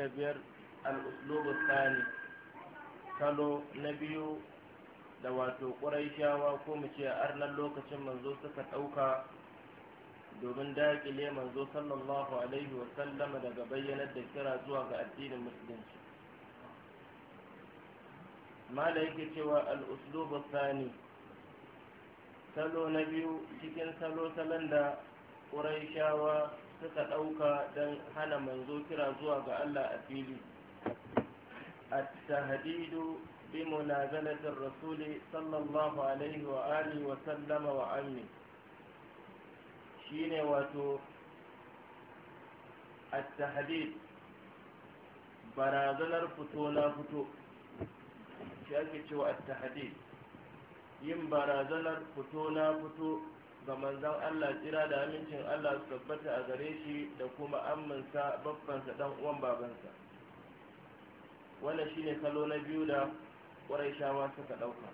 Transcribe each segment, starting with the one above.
da biyar al'uslubu tsani salo na biyu da wato shawa ko mu ce arnar lokacin manzo suka ɗauka domin daƙile manzo sallallahu alaihi wasallama daga bayyanar da kira zuwa ga addinin musulunci mala yake cewa al'uslubu tsani salo na biyu cikin salo salon da shawa. suka ɗauka don hana manzo kira zuwa ga Allah a fili a tahadidu bi munazalatin rasuli sallallahu alaihi wa alihi wa sallama wa amni shine wato a tahadid barazanar fito na fito shi ake cewa a tahadid yin barazanar fito na fito ga manzon Allah tsira da amincin Allah su tabbata a gare shi da kuma amminsa babbansa dan uwan babansa wannan shine kalo na biyu da shawa suka ɗauka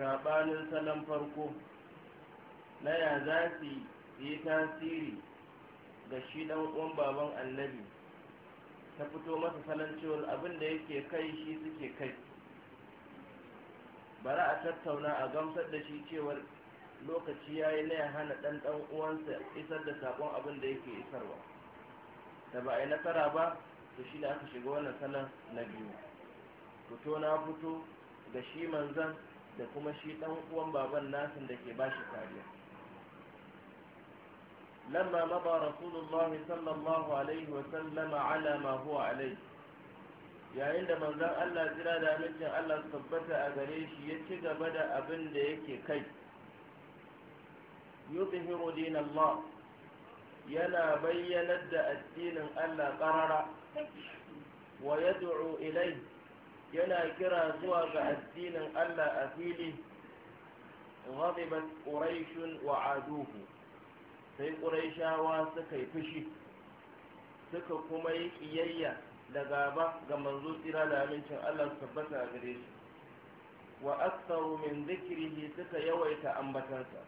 saɓanin salon farko na ya za su yi tasiri ga shi ɗan uwan baban annabi ta fito masa salon cewar abin da yake kai shi suke kai bari a tattauna a gamsar da shi cewar lokaci ya yi na hana ɗan ɗan uwansa isar da saƙon abin da yake isarwa da ba a yi nasara ba to shi da aka shiga wannan salon na biyu fito na fito da shi manzan da kuma shi ɗan uwan baban nasin da ke bashi kariya lamma maba rasulullahi sallallahu alaihi wa sallama ala ma huwa alaihi yayin da manzan allah jira da amincin allah su tabbata a gare shi ya ci gaba da abin da yake kai yuzhiru Allah yana bayyanar da addinin Allah ƙarara wa yad'u ilai yana kira zuwa ga addinin Allah a fili ghadibat quraish wa aduhu sai quraishawa suka yi fushi suka kuma yi kiyayya da gaba ga manzo tsira da amincin Allah tabbata a gare shi wa aktharu min dhikrihi suka yawaita ambatansa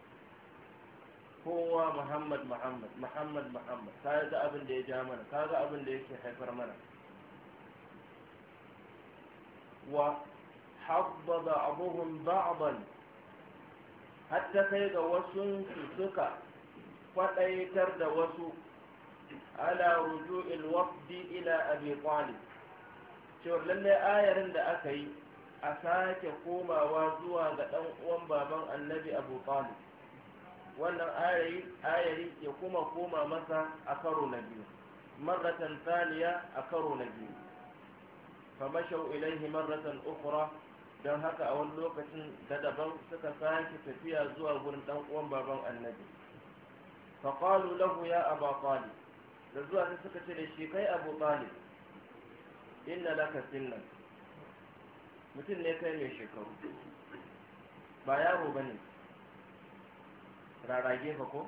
kowa muhammad muhammad muhammad muhammad ka ga abin da ya ja mana ka ga abin da yake haifar mana wa habba ba'dhum ba'dan hatta kai ga wasu suka faɗaitar da wasu ala ruju'il wafdi ila abi talib cewar lallai ayarin da aka yi a sake komawa zuwa ga ɗan uwan baban annabi abu talib wannan ayari ya kuma koma masa a karo na biyu marratan taliya a karo na biyu famashau ilaihi marratan ukura don haka a wani lokacin da daban suka sake tafiya zuwa gurin dan uwan baban annabi faƙalu lahu ya aba kwali. da zuwa sai suka ce da shi kai abu talib inna laka sinna mutum ne kai mai shekaru ba yaro ba ne rarage ka ko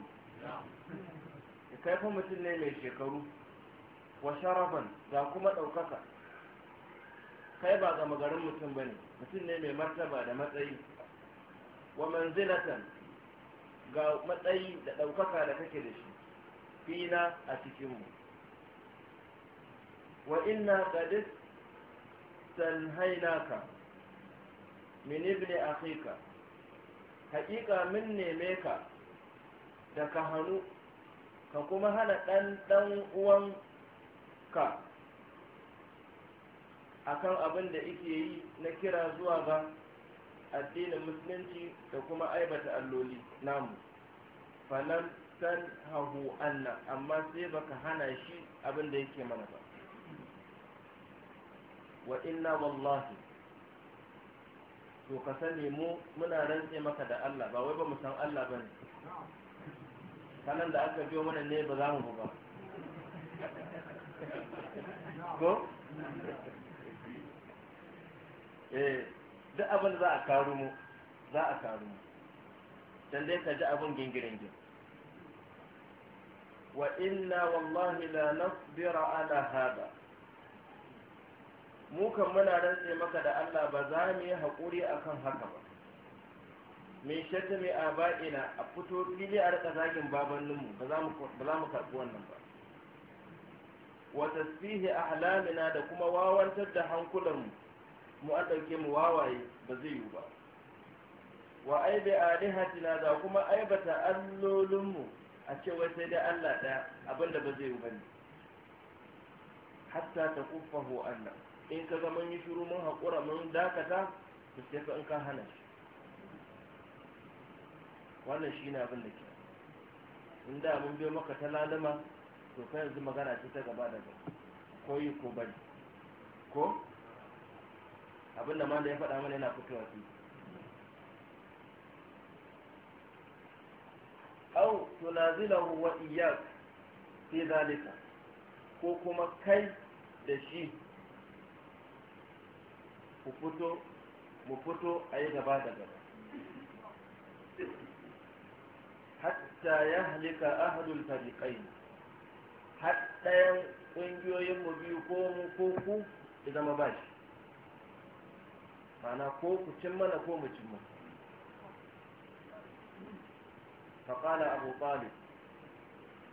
ya kai mutum ne mai shekaru wa sharaban ga kuma ɗaukaka kai ba ga garin mutum ba ne mutum ne mai martaba da matsayi wa manzilatan ga matsayi da ɗaukaka da kake da shi fina a cikinmu wa inna qadis sanhainaka min ibni akhika haƙiƙa min neme ka da ka hannu ka kuma hana ɗan ɗan uwanka kan abin da ike yi na kira zuwa ga addinin musulunci da kuma aibata alloli namu falam san hahu anna amma sai baka hana shi abin da yake mana ba wa inna wallahi to ka sani mu muna rantse maka da Allah ba wai ba mu san Allah bane sanan da aka biyo mana ne ba za mu ba ko eh duk abin za a karu mu za a karu mu dan dai ka ji abin gingirin gin wa inna wallahi la nasbira ala hada mu kan muna rantse maka da Allah ba za mu yi haƙuri akan haka ba mai shatta mai aba'ina a fito fili a rika zagin babanninmu ba za mu karɓi wannan ba wa a ahlamina da kuma wawantar da hankulanmu mu an ɗauke mu wawaye ba zai yiwu ba wa aibe alihatina da kuma aibata allolinmu a cewa sai dai Allah ɗaya abinda ba zai yiwu ba hatta ta kuffahu Allah in ka zama yi shiru mun haƙura mun dakata to sai ka in ka hana shi wannan shi ne abin da ke in da mun biyo maka ta lalama to kai yanzu magana ce ta gaba da gaba ko yi ko bari ko abin da ya faɗa mana yana fitowa fi au tunazilahu wa iyak fi zalika ko kuma kai da shi ku fito mu fito a yi gaba da gaba hatta yahlika ahlul fariqain har ɗayan ƙungiyoyin mu biyu ko mu ko ku ya zama ba shi ma'ana ko ku cin mana ko mu cin mana فقال أبو طالب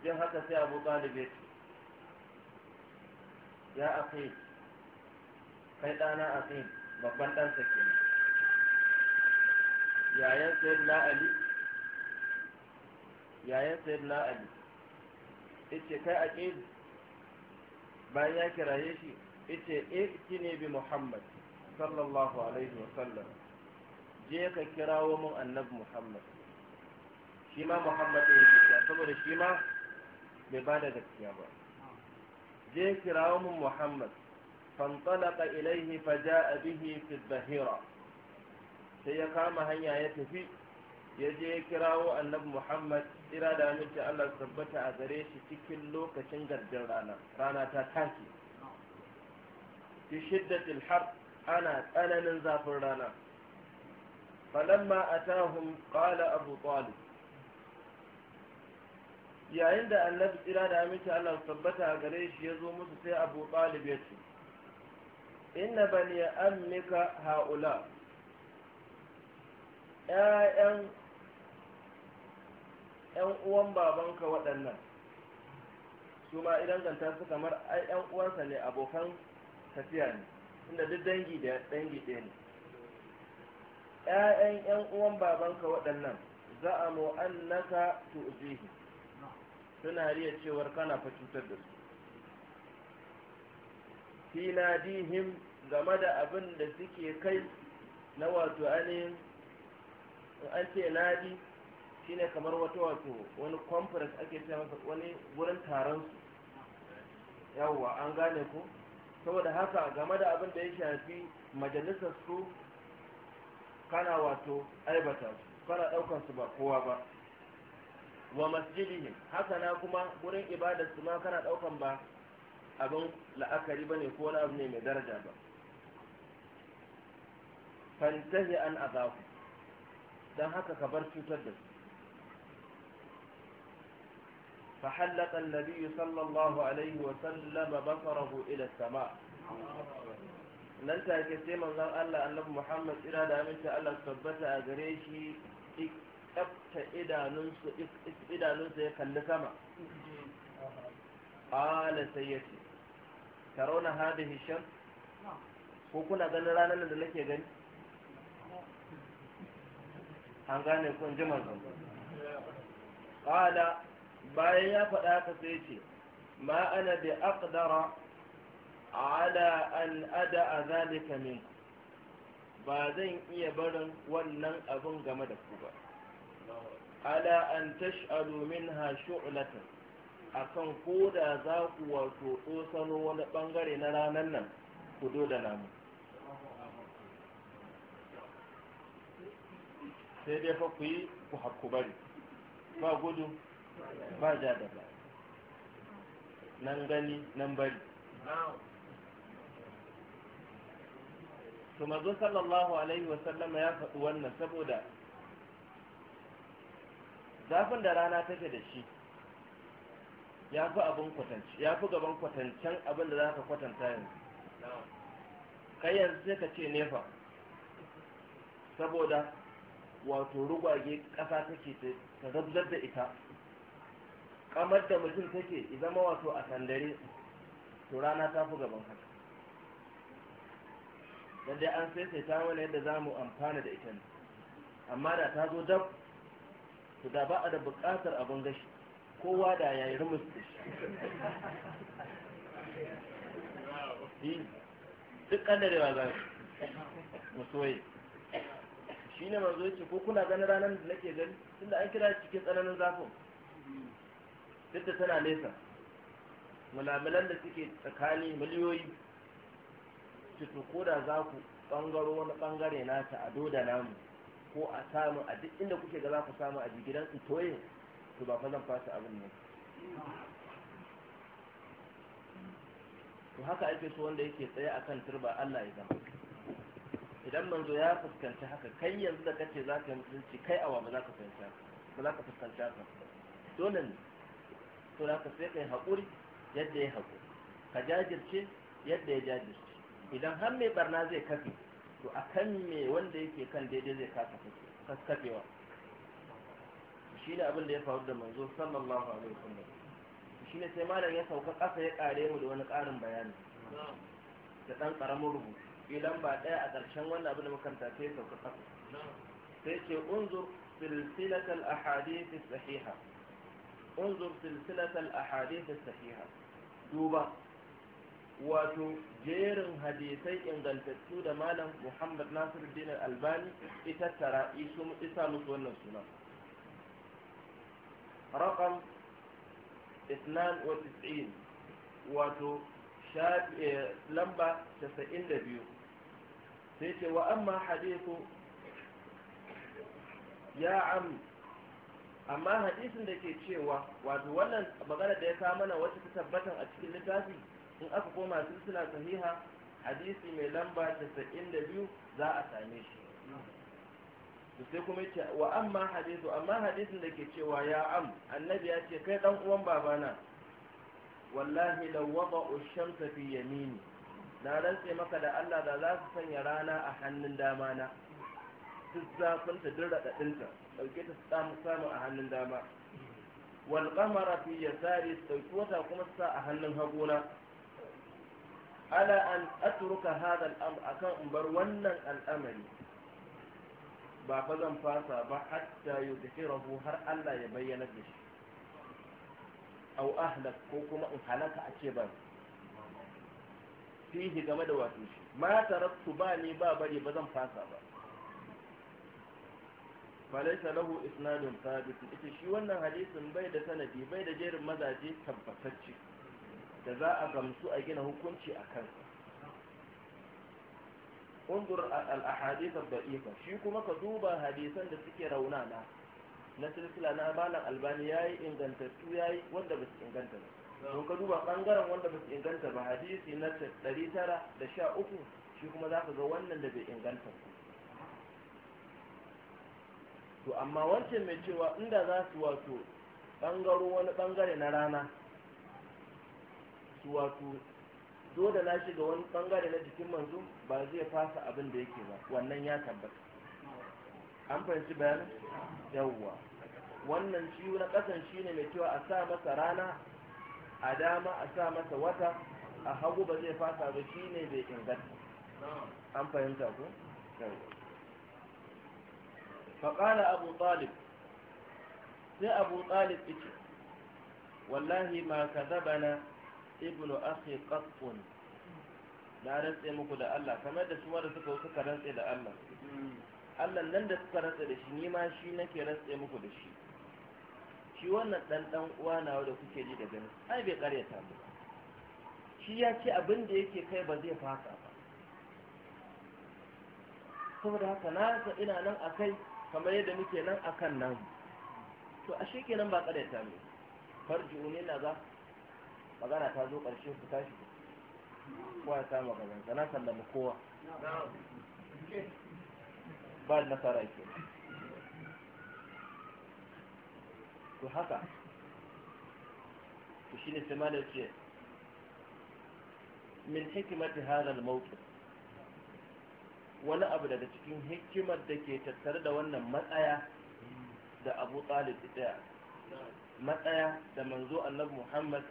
جن هكا سي أبو طالب يتي يا أخي كيد أنا أخي babban ɗansa kenan yayan sayyidina ali yayin na ali ita kai a aqid bayan ya kiraye shi ƙi ne bi muhammad sallallahu alaihi wa sallam je ka kirawo mun annabi muhammad shi ma muhammad ya yi saboda shi ma bai ba da gaskiya ba je kirawo mun muhammad fantalaka ilaihi a bihi fi dhahira sai ya kama hanya ya tafi ya je ya kirawo annabi muhammad tsira da aminci allah tabbata a gare shi cikin lokacin garjin rana rana ta take fi shiddatil har ana tsananin zafin rana falamma atahum qala abu talib yayin da annabi tsira da aminci allah tabbata a gare shi ya zo musu sai abu talib ya ce inna bani amnika ha'ula ‘ya'yan 'yan uwan babanka waɗannan su ma idan ganta su kamar ai 'yan uwansa ne abokan tafiya ne inda duk dangi da dangi ɗaya ne 'ya'yan 'yan uwan babanka waɗannan za a za'amu annaka tu'jihi suna riya cewar kana fa cutar da su fi game da abin da suke kai na wato ainihin an ce nadi shine kamar wata wato wani conference ake ce masa wani wurin taron su yawwa an gane ko saboda haka game da abin da ya shafi majalisar su kana wato aibata su kana daukar su ba kowa ba wa masjidihim haka na kuma wurin ibadar su ma kana daukan ba abin la'akari bane ko wani abu ne mai daraja ba fantahi an azaku don haka ka bar cutar da su فحلق النبي صلى الله عليه وسلم بصره إلى السماء nan take sai manzon Allah Annabi Muhammad ira da aminta Allah tabbata a gare shi tsafta idanunsa idanunsa ya kalli sama qala ko kuna ganin ranar da nake gani an gane kun ji manzon qala bayan ya faɗa ka sai ce ma ana da aqdara ala an ada zalika min ba zan iya barin wannan abin game da ku ba ala an tash'alu minha shu'latan akan ko da za ku wato tsosano wani bangare na ranar nan ku da namu sai dai fa ku yi ku hakku bari ba gudu ba ja da ba nan gani nan bari to mazo sallallahu alaihi wasallama ya faɗi wannan saboda zafin da rana take da shi ya fi abin kwatanci ya fi gaban kwatancen abin da za ka kwatanta yanzu kai yanzu sai ka ce nefa saboda wato rugwage ƙasa take ta zabzar da ita kamar da mutum take zama wato a sandare to rana ta fi gaban haka don dai an sai ta mana yadda za mu amfana da ita ne amma da ta zo dab to da ba a da buƙatar abin gashi kowa da yayi rumus da shi duk ba za mu soye shi ne manzo ce ko kuna ganin ranar da nake gani tunda an kira cikin tsananin zafin duk da tana nesa mulamulan da suke tsakani miliyoyi cutu ko da za ku ɓangaro wani ɓangare nata a doda namu ko a samu a duk inda kuke ga za ku samu a jigidan toye to ba fa zan fasa abin ne to haka ake so wanda yake tsaye akan turba Allah ya zama idan manzo ya fuskanci haka kai yanzu da kace za ka mutunci kai awa ba za ka fuskanta ba za ka fuskanta ka dole ne to za ka sai kai haƙuri yadda ya haƙuri ka jajirce yadda ya jajirce idan har mai barna zai kafe to a kan me wanda yake kan daidai zai kasa kafewa shi ne abin da ya faru da manzo sallallahu alaihi wasallam shi ne sai malam ya sauka ƙasa ya ƙare mu da wani ƙarin bayani da ɗan ƙaramin rubutu idan ba ɗaya a ƙarshen wannan abin da makaranta sai sauka ƙasa sai ce unzur silsilatul ahadith as-sahihah انظر سلسلة الأحاديث الصحيحة duba wato jerin hadisai ingantattu da malam muhammad nasiruddin albani ita tara isa musu wannan suna rakam 92 wato lamba 92 sai ce wa hadisu ya amu amma hadisin da ke cewa wato wannan magana da ya sa mana wacce ta tabbatan a cikin littafi in aka koma silsila sahiha hadisi mai lamba 92 za a same shi to sai kuma yace wa amma hadisu amma hadisin da ke cewa ya am annabi ya ce kai dan uwan babana wallahi law ash shamsa fi yamini na rantse maka da Allah da za su sanya rana a hannun dama na duk zafinta duk raɗaɗinta ɗauke ta samu samu a hannun dama wal qamara fi yasari ɗauki wata kuma sa a hannun hagona ala an atruka hada al'amr akan in bar wannan al'amari ba fa zan fasa ba hatta yudhirahu har Allah ya bayyana da shi aw ahlak ko kuma in halaka a ce ban fihi game da wato shi ma taraktu ba ni ba bari ba zan fasa ba falaisa lahu isnadun sabit ita shi wannan hadisin bai da sanadi bai da jerin mazaje tabbatacce da za a gamsu a gina hukunci a kansa undur al-ahadith ad-da'ifa shi kuma ka duba hadisan da suke raunana na silsila na malam albani yayi ya yayi wanda ba su inganta ba to ka duba bangaren wanda ba su inganta ba hadisi na 913 shi kuma za ka ga wannan da bai inganta ba to amma wancan mai cewa inda za su wato ɓangaro wani ɓangare na rana su wato dole na shiga wani ɓangare na jikin manzo ba zai fasa abin da yake ba wannan ya tabbata an fahimci bayanin yawwa wannan shi na ƙasan shi ne mai cewa a sa masa rana a dama a sa masa wata a hagu ba zai fasa ba shi ne bai inganta an fahimta ku yawwa faƙala abu talib sai abu talib ita wallahi ma ka zaba na ibnu akhi qattun na rantse muku da Allah kamar da su da suka suka rantse da Allah Allah nan da suka rantse da shi ni ma shi nake rantse muku da shi shi wannan dan dan uwa nawa da kuke ji da gani ai bai karyata mu shi ya ce abin da yake kai ba zai fasa ba saboda haka na rasa ina nan a kai. kamar yadda muke nan akan nan to a kenan ba ta ne farji ne na za magana ta zo karshe ku tashi ko ya ta magana sana sallama kowa ba da nasara ke to haka to shine sai malaka da ce min hikimati hadal mawqif wani abu daga cikin hikimar da ke tattare da wannan matsaya da abu talib ɗaya matsaya da manzo annabi muhammad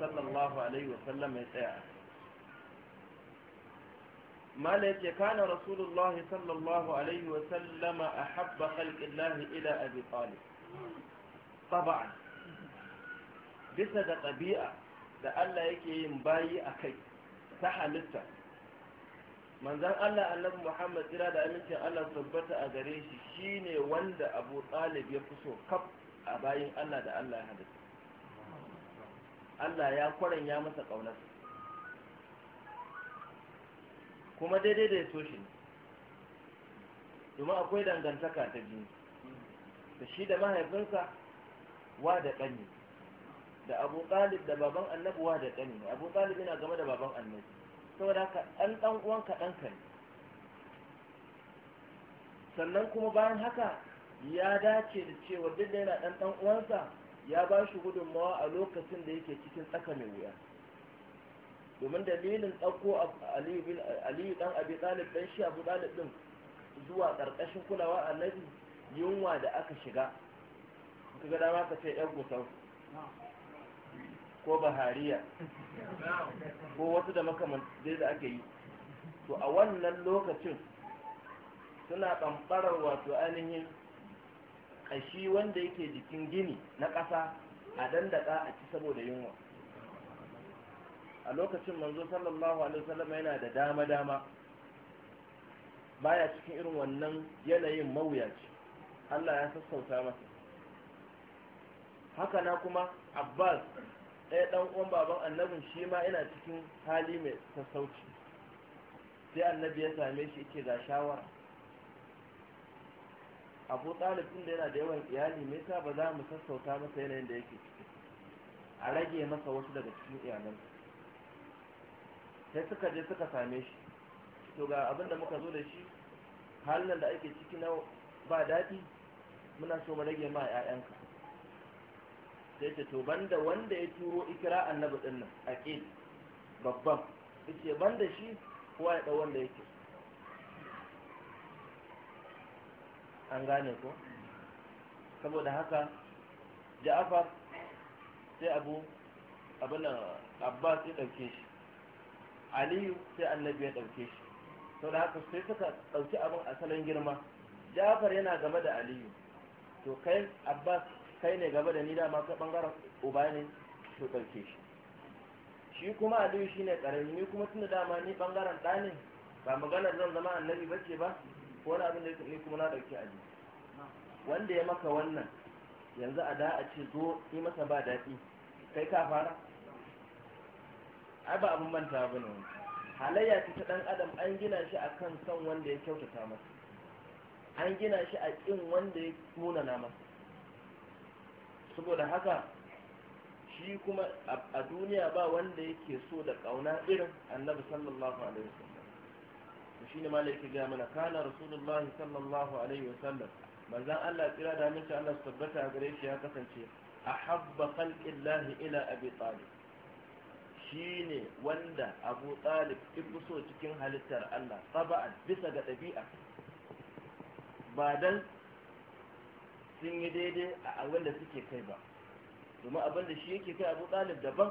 sallallahu alaihi wasallam ya tsaya mala yake kana rasulullahi sallallahu alaihi wasallama a habba khalqillahi ila abu talib taba'an bisa da ɗabi'a da allah yake yin bayi a kai ta halitta manzan Allah annabi Muhammad jira da amincin Allah tabbata a gare shi shine wanda Abu Talib ya fi so kaf a bayin Allah da Allah ya halitta Allah ya kwaran ya masa ƙaunarsa kuma daidai da ya so shi ne domin akwai dangantaka ta jini da shi da mahaifinsa wa da ƙanye. da abu ɗalib da baban annabi wa da ƙanye. abu ɗalib yana game da baban annabi saboda ka ɗan ɗan uwanka ka ne sannan kuma bayan haka ya dace da cewa duk da yana ɗan ɗan uwansa ya ba shi gudunmawa a lokacin da yake cikin tsaka mai wuya domin dalilin ɗauko aliyu dan abi ɗalib ɗan shi abu ɗalib ɗin zuwa ƙarƙashin kulawa annabi yunwa da aka shiga ka ga dama ka ce ƴan gusansu ko bahariya ko wasu da makamantai da aka yi to a wannan lokacin suna ɓamɓarar wato ainihin ƙashi wanda yake jikin gini na ƙasa a dandaka a ci saboda yunwa a lokacin manzo sallallahu alaihi wasallam yana da dama-dama baya cikin irin wannan yanayin mawuyaci Allah ya sassauta masa haka na kuma Abbas ɗaya ɗan uwan baban annabin shi ma yana cikin hali mai sassauci sai annabi ya same shi yake ga shawara abu ɗalibin da yana da yawan iyali mai sa ba za mu sassauta masa yanayin da yake ciki a rage masa wasu daga cikin iyalan sai suka je suka same shi to ga abin da muka zo da shi halin da ake ciki na ba daɗi muna so mu rage ma 'ya'yanka sai ta to banda wanda ya turo ikira annabi din nan a ke babban yace banda shi kowa ya dau wanda yake an gane ko saboda haka ja'afar sai abu abin abbas ya dauke shi aliyu sai annabi ya dauke shi sau da haka sai suka ɗauki abin asalin girma jafar yana game da aliyu to kai abbas kai ne gaba da ni dama ta bangaren uba ne to ɗauke shi shi kuma a shi ne ƙarami ni kuma tun da dama ni bangaren ɗa ne ba maganar zan zama annabi ba ce ba ko wani abin da ni kuma na ɗauki aji wanda ya maka wannan yanzu a da a ce zo yi masa ba daɗi kai ka fara ai ba abin manta ba ne halayya ta ɗan adam an gina shi a kan son wanda ya kyautata masa an gina shi a ƙin wanda ya nuna masa saboda haka shi kuma a duniya ba wanda yake so da kauna irin annabi sallallahu alaihi wasallam shi ne malai yake gaya mana kana rasulullah sallallahu alaihi wasallam manzan Allah tsira da mace Allah su tabbata a gare shi ya kasance a habba lahi ila abi talib shi ne wanda abu talib ibu so cikin halittar Allah saba'an bisa ga ɗabi'a ba dan sun yi daidai a abin da suke kai ba domin abin da shi yake kai abu ɗalib daban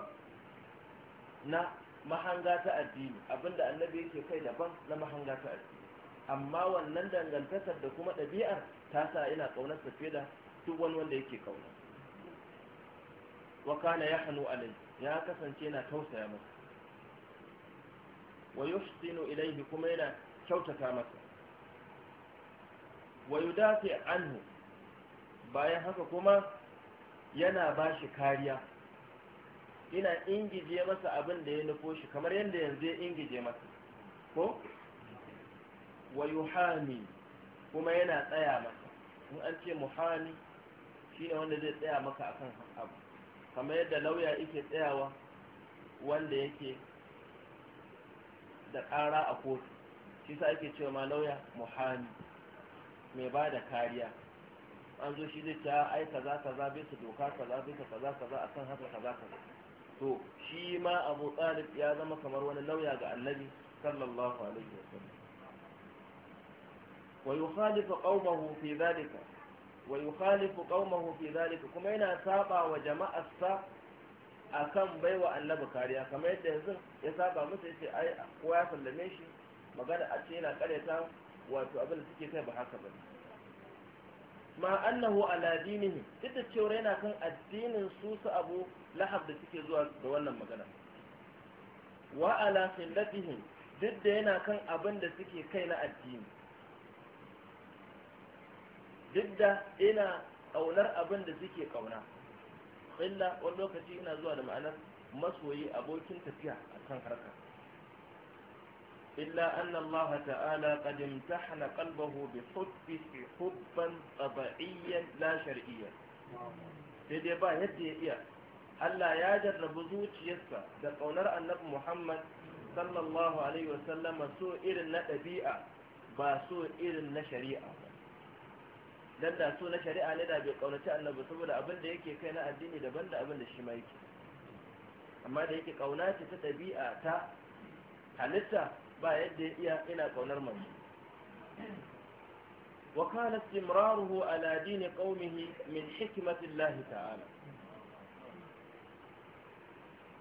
na mahanga ta addini abin da annabi yake kai daban na mahanga ta addini amma wannan dangantakar da kuma ɗabi'ar ta sa ina ƙaunar fiye da duk wani wanda yake ƙauna wa ya hannu alai ya kasance yana tausaya masa wa yuhsinu ilaihi kuma yana kyautata masa wa yudafi anhu bayan haka kuma yana ba shi kariya ina ingije masa abin da ya nufo shi kamar yadda yanzu ya ingije masa ko wa kuma yana tsaya masa in an ce muhani shi ne wanda zai tsaya maka akan abu kamar yadda lauya yake tsayawa wanda yake da ƙara a kotu shi sa ake cewa ma lauya muhani mai ba da kariya an zo shi zai ta ai kaza kaza bai su doka kaza bai kaza kaza a akan haka kaza kaza to shi ma abu talib ya zama kamar wani lauya ga annabi sallallahu alaihi wasallam wa yukhalifu qaumahu fi dhalika wa yukhalifu qaumahu fi dhalika kuma yana saba wa jama'arsa akan baiwa annabi kariya kamar yadda yanzu ya saba musu yace ai kowa ya sallame shi magana a ce yana karyata wato abin da suke kai ba haka bane ma annahu ala dinihim duk cewa yana kan addinin su su abu lahab da suke zuwa da wannan magana wa ala khillatihim duk da yana kan abin da suke kai na addini duk da ina kaunar abin da suke kauna illa wani lokaci ina zuwa da ma'anar masoyi abokin tafiya a kan harkar إلا أن الله تعالى قد امتحن قلبه بحب حبا طبيعيا لا شرعيا daidai ba yadda ya iya Allah ya jarrabu zuciyarsa da ƙaunar annabi Muhammad sallallahu alaihi wasallama irin na ɗabi'a ba so irin na shari'a ba dan da so shari'a ne da bai ƙaunaci annabi saboda abin da yake kai na addini daban da abin da amma da yake ƙauna ta ɗabi'a ta halitta ba yadda ya iya ina kaunar manzo wa kana istimraruhu ala din qaumihi min hikmati llahi ta'ala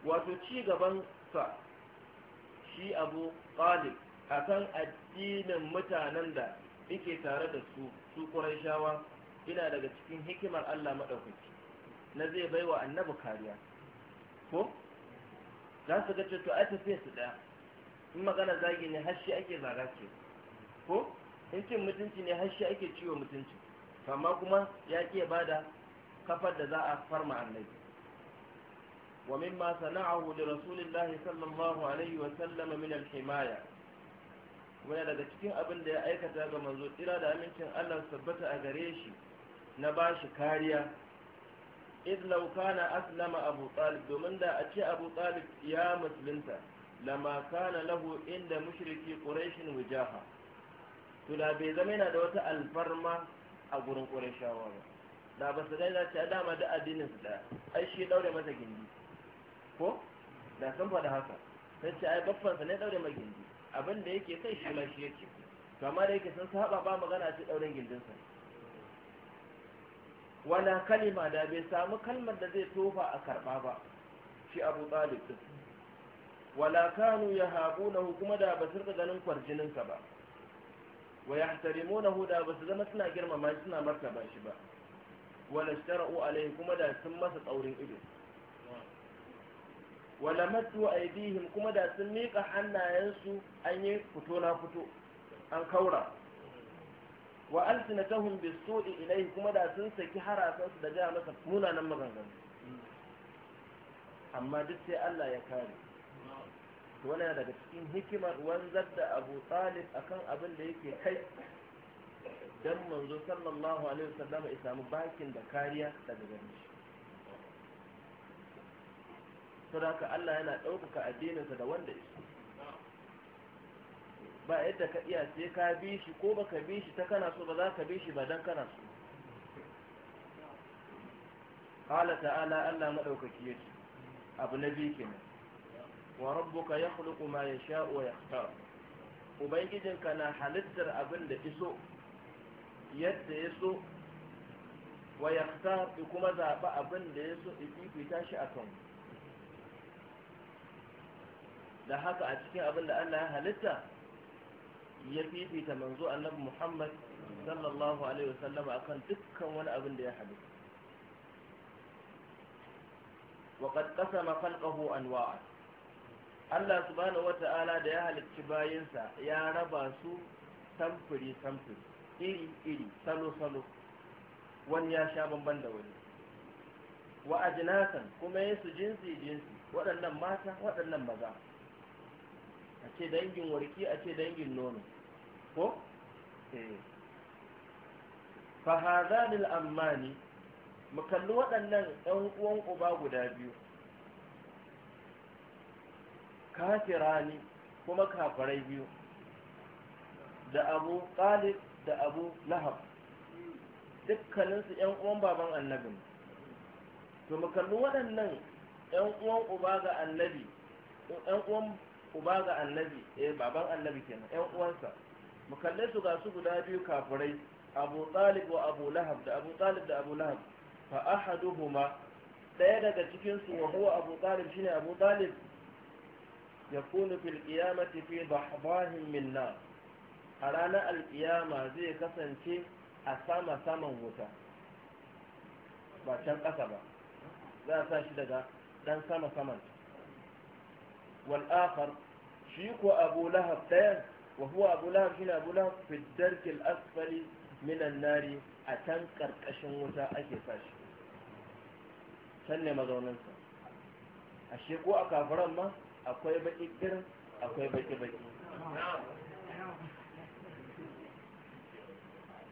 wato ci gaban sa shi Abu qalib akan addinin mutanen da yake tare da su su Qurayshawa ina daga cikin hikimar Allah madaukaki na zai baiwa annabi kariya ko za su ga cewa a tafiya su daya in magana zagi ne hashi ake zara ce ko in cin mutunci ne hashi ake ciwo mutunci amma kuma ya ke ba da kafar da za a farma annabi wa mimma sana'ahu li rasulillah sallallahu alaihi wa sallam min al-himaya wani daga cikin abin da ya aikata ga manzo tsira da amincin Allah tabbata a gare shi na shi kariya idlau kana aslama abu talib domin da a ce abu talib ya musulunta lama kana lahu inda mushriki ƙorashin wujaha to bai zama yana da wata alfarma a gurin qurayshawa ba da ba su daina ce dama da addinin su daya ai shi daure masa gindi ko da sun da haka sai ce ai baffansa sa ne daure masa gindi abin da yake kai shi ma shi yake to amma da yake sun saba ba magana ce dauren gindin sa wala kalima da bai samu kalmar da zai tofa a karba ba shi Abu Talib din wala kanu yahabunahu kuma da ba su ganin kwarjinin ka ba wa yahtarimunahu da ba zama suna girmama shi suna martaba shi ba wala shtara'u alaihi kuma da sun masa tsaurin ido wala matu aidihim kuma da sun miƙa hannayensu an yi fito na fito an kaura wa alsinatahum bisu'i ilayhi kuma da sun saki harasansu da gaya masa munanan maganganu amma duk sai Allah ya kare wannan daga cikin hikimar wanzar da abu talib akan abin da yake kai don manzo sallallahu alaihi wasallam ya samu bakin da kariya daga gani shi saboda Allah yana ɗaukaka addininsa da wanda isu ba yadda ka iya sai ka bi shi ko ka bi shi ta kana so ba za ka bi shi ba dan kana so qala ta'ala Allah madaukaki yace abu na biyu kenan wa rabbuka yakhluqu ma yasha wa yakhtar ubangijinka na halittar abin da iso yadda ya so wa yakhtar kuma zaba abin da ya so fifita shi akan da haka a cikin abin da Allah ya halitta ya fifita manzo annabi Muhammad sallallahu alaihi wasallama akan dukkan wani abin da ya halitta وقد قسم خلقه أنواعا Allah subhanahu wata'ala da ya halicci bayansa ya raba su samfuri samfuri iri iri salo salo wani ya sha bamban da wani wa ajinasan kuma yin su jinsi jinsi waɗannan mata waɗannan maza a ce dangin warki a ce dangin nono ko fahazanil eh. fa hadha lil ammani mu kalli waɗannan ɗan uwan uba guda biyu kafirani kuma kafirai biyu da abu talib da abu lahab dukkaninsu ‘yan uwan baban annabi to mu kalli waɗannan ‘yan uwan uba ga annabi ‘yan uwan uba ga annabi eh baban annabi kenan ‘yan uwansa mu kalle su ga su guda biyu kafirai abu talib wa abu lahab da abu talib da abu lahab fa ahaduhuma ɗaya daga cikinsu wa huwa abu talib shine abu talib yakunu fil qiyamati fi dhahbahin min a ranar alkiyama zai kasance a sama saman wuta ba can ƙasa ba za a sa shi daga ɗan sama saman Wal'afar shi ko abu lahab ɗaya wa huwa abu lahab shi ne abu lahab fi asfali minan nari a can ƙarƙashin wuta ake sa shi can ne mazauninsa A ko a kafiran ma akwai baki kirin akwai baki baki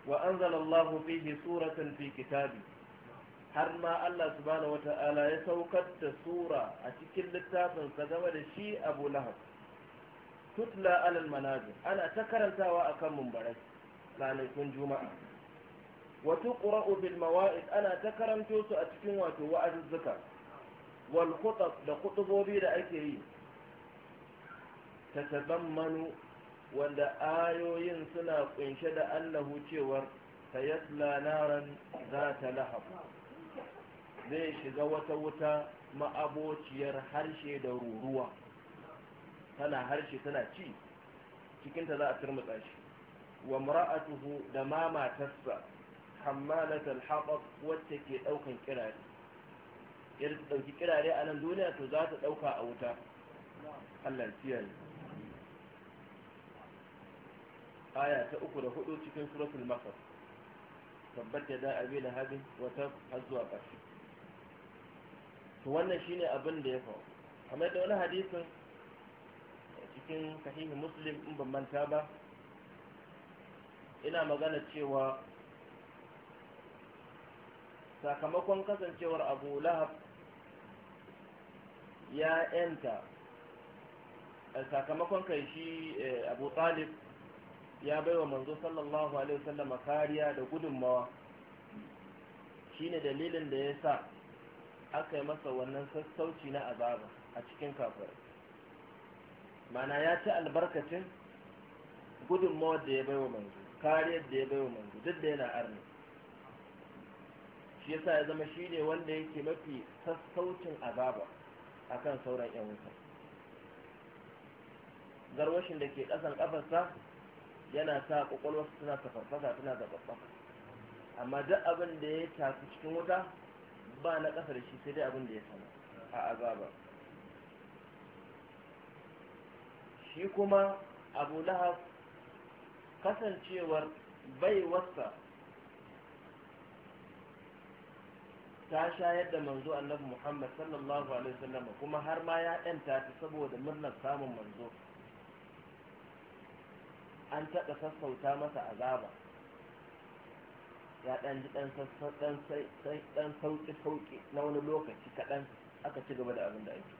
wa anzala Allah fihi suratan fi kitabi har ma Allah subhanahu wata'ala ya saukar da sura a cikin littafin sa game da shi Abu Lahab tutla alal manazir ana ta karantawa akan mumbarai ranakun juma'a wa tuqra'u bil mawa'id ana ta karanto su a cikin wato wa'azuzzuka wal khutab da kutubobi da ake yi tatabammanu wanda ayoyin suna kunshe da allahu cewar sayasla naran za ta lahabu zai shiga wata wuta ma'abociyar harshe da ruruwa tana harshe tana ci cikinta za a turmutsa shi wa mura'atuhu da ma matarsa hammalatul haɓar wacce ke ɗaukan kirare yadda ɗauki kirare a nan duniya to za ta ɗauka a wuta allah aya ta uku da hudu cikin suratul makar tabbat da abi lahabin wata har zuwa ƙarshe to wannan shine abin da ya faru kamar da wani hadisin cikin sahihi muslim in ban manta ba ina magana cewa sakamakon kasancewar abu lahab ya yanta sakamakon kai shi abu talib ya baiwa manzo sallallahu alaihi wasallam kariya da gudunmawa shine dalilin da ya sa aka yi masa wannan sassauci na azaba a cikin kafirai mana ya ci albarkacin gudunmawa da ya baiwa manzo kariyar da ya baiwa manzo duk da yana arni shi yasa ya zama shi ne wanda yake mafi sassaucin azaba akan sauran yan wuta garwashin da ke ƙasan ƙafarsa yana sa kwakwalwarsa tana tafarfasa tana zaɓaɓɓaka amma duk abin da ya tafi cikin wuta ba na kasar shi sai dai abin da ya sama a azaba shi kuma abu lahab kasancewar baiwarsa ta sha yadda manzo annabi muhammad sallallahu alaihi wasallam kuma har ma ya ɗanta ta saboda murnar samun manzo an taɓa sassauta masa azaba ya ɗan ji ɗan sauƙi-sauƙi na wani lokaci kaɗan aka ci gaba da abin da ake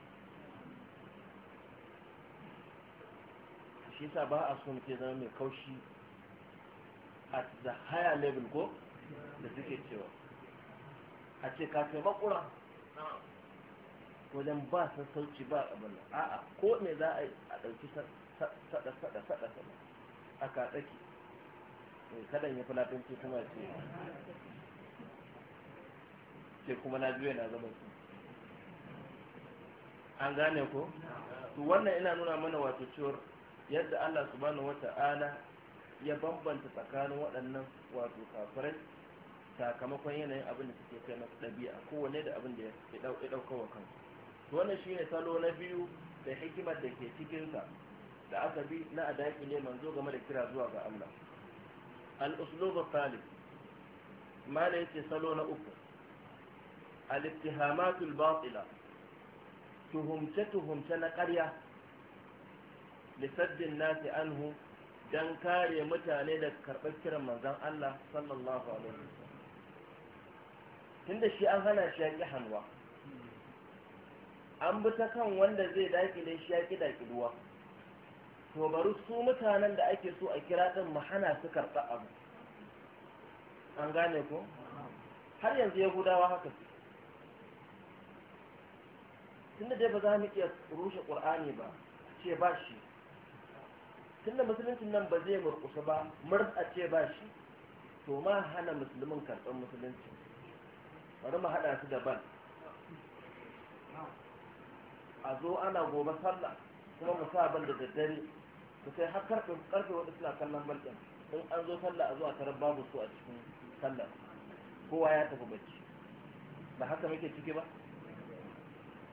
shi sa ba a so ke zama mai kaushi at the higher level ko da suke cewa a ce ka kai makura wajen ba sassauci ba abin a'a ko me za a ɗauki sada sada sada sama tsaka tsaki eh, kadan ya ce kuma ce ce kuma na juya na zama su an gane ko Su wannan ina nuna mana wato cewar yadda Allah subhanahu Ta'ala ya bambanta tsakanin waɗannan wato kafirai sakamakon yanayin abin da suke kai na ɗabi'a kowane da abin da ya ɗauka wa kansu wannan shi ne salo na biyu da hikimar da ke cikinsa da aka bi na adaki ne manzo game da kira zuwa ga Allah al-uslub al-thalib mala yace salo na uku al-ittihamat al-batila tuhumce tuhumce na ƙarya lisaddin nasi anhu dan kare mutane da karɓar kiran manzon Allah sallallahu alaihi wasallam tunda shi an hana shi yaƙi hanwa an bi ta kan wanda zai daƙile shi yaƙi daƙiluwa ruwa to bari su mutanen da ake so a kira din mu hana su karɓa abu an gane ko har yanzu yahudawa haka su tun dai ba za mu iya rushe ƙur'ani ba ce ba shi da musuluncin nan ba zai murƙusa ba a ce ba shi to ma hana musulmin karɓar musulunci bari mu haɗa su daban a zo ana gobe sallah kuma mu sa ban da daddare su sai har karfe karfe wanda suna kallon barkin in an zo sallah a zuwa tarar babu su a cikin sallah kowa ya tafi bacci ba haka muke ciki ba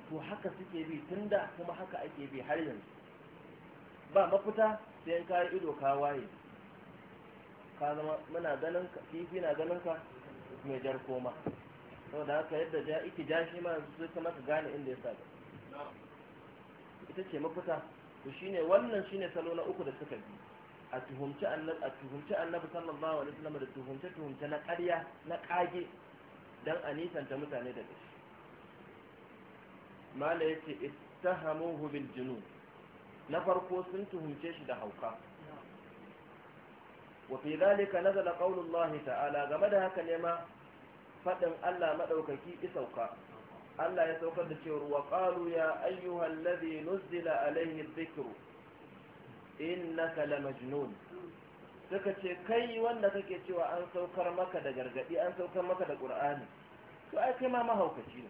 to haka suke bi tunda kuma haka ake bi har yanzu ba mafita sai in kayi ido ka waye ka zama muna ganin ka kifi na ganin ka mai jar koma saboda haka yadda ja iki ja shi ma sai kuma ka gane inda ya saka. ita ce mafita to shine wannan shine salo na uku da suka bi a tuhumci annabi a tuhumci annabi sallallahu alaihi wasallam da tuhumce tuhumce na ƙarya na ƙage dan a nisanta mutane daga shi mala yace ittahamuhu bil junun na farko sun tuhumce shi da hauka wa fi dhalika nazala qawlullahi ta'ala game da haka ne ma fadin Allah madaukaki isauka Allah ya saukar da cewar wa qalu ya ayyuhal ladhi nuzila alayhi dhikru innaka majnun. suka ce kai wanda kake cewa an saukar maka da gargadi an saukar maka da qur'ani to ai kai ma mahaukaci ne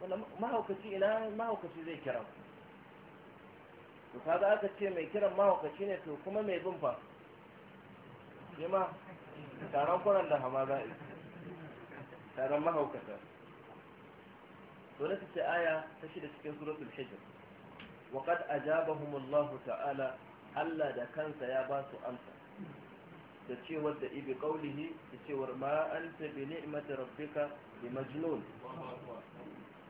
wannan mahaukaci ina mahaukaci zai kira to kaga aka ce mai kiran mahaukaci ne to kuma mai bin fa shi ma taron kuran da hama za'i taron mahaukata dole ta ce aya ta shida cikin suratul hijr wa qad ajabahumullahu ta'ala Allah da kansa ya ba su amsa da cewar da ibi qaulihi da cewar ma bi ni'mati rabbika bi majnun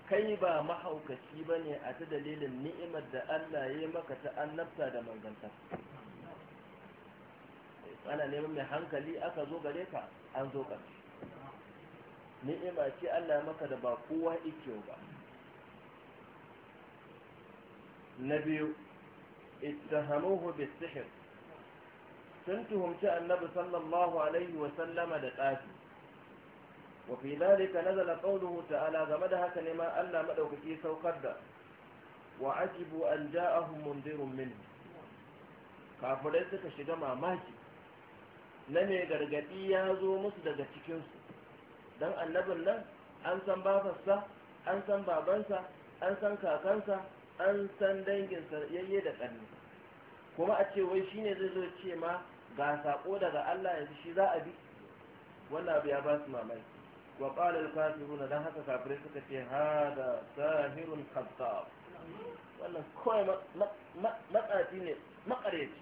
kai ba mahaukaci bane a ta dalilin ni'imar da Allah ya maka ta annabta da manganta ana neman mai hankali aka zo gare ka an zo ƙarshe ni'ima ce Allah maka da ba kowa ike ba na biyu ittahamuhu bisihr sun tuhumci annabi sallallahu alaihi wa sallama da tsafi wa fi dalika nazala qawluhu ta'ala game da haka ne ma Allah madaukaki saukar da wa ajibu an ja'ahum mundirun min kafirai suka shiga mamaki na mai gargadi ya zo musu daga cikinsu don annabin nan an san babarsa an san babansa an san kakansa an san danginsa yayye da ƙarni kuma a ce wai shine zai zo ce ma ga saƙo daga Allah yanzu shi za a bi wannan abu ya ba su mamaki wa qala al-kafiruna don haka kafirai suka ce hada sahirun khattab wannan kawai matsafi ne makareci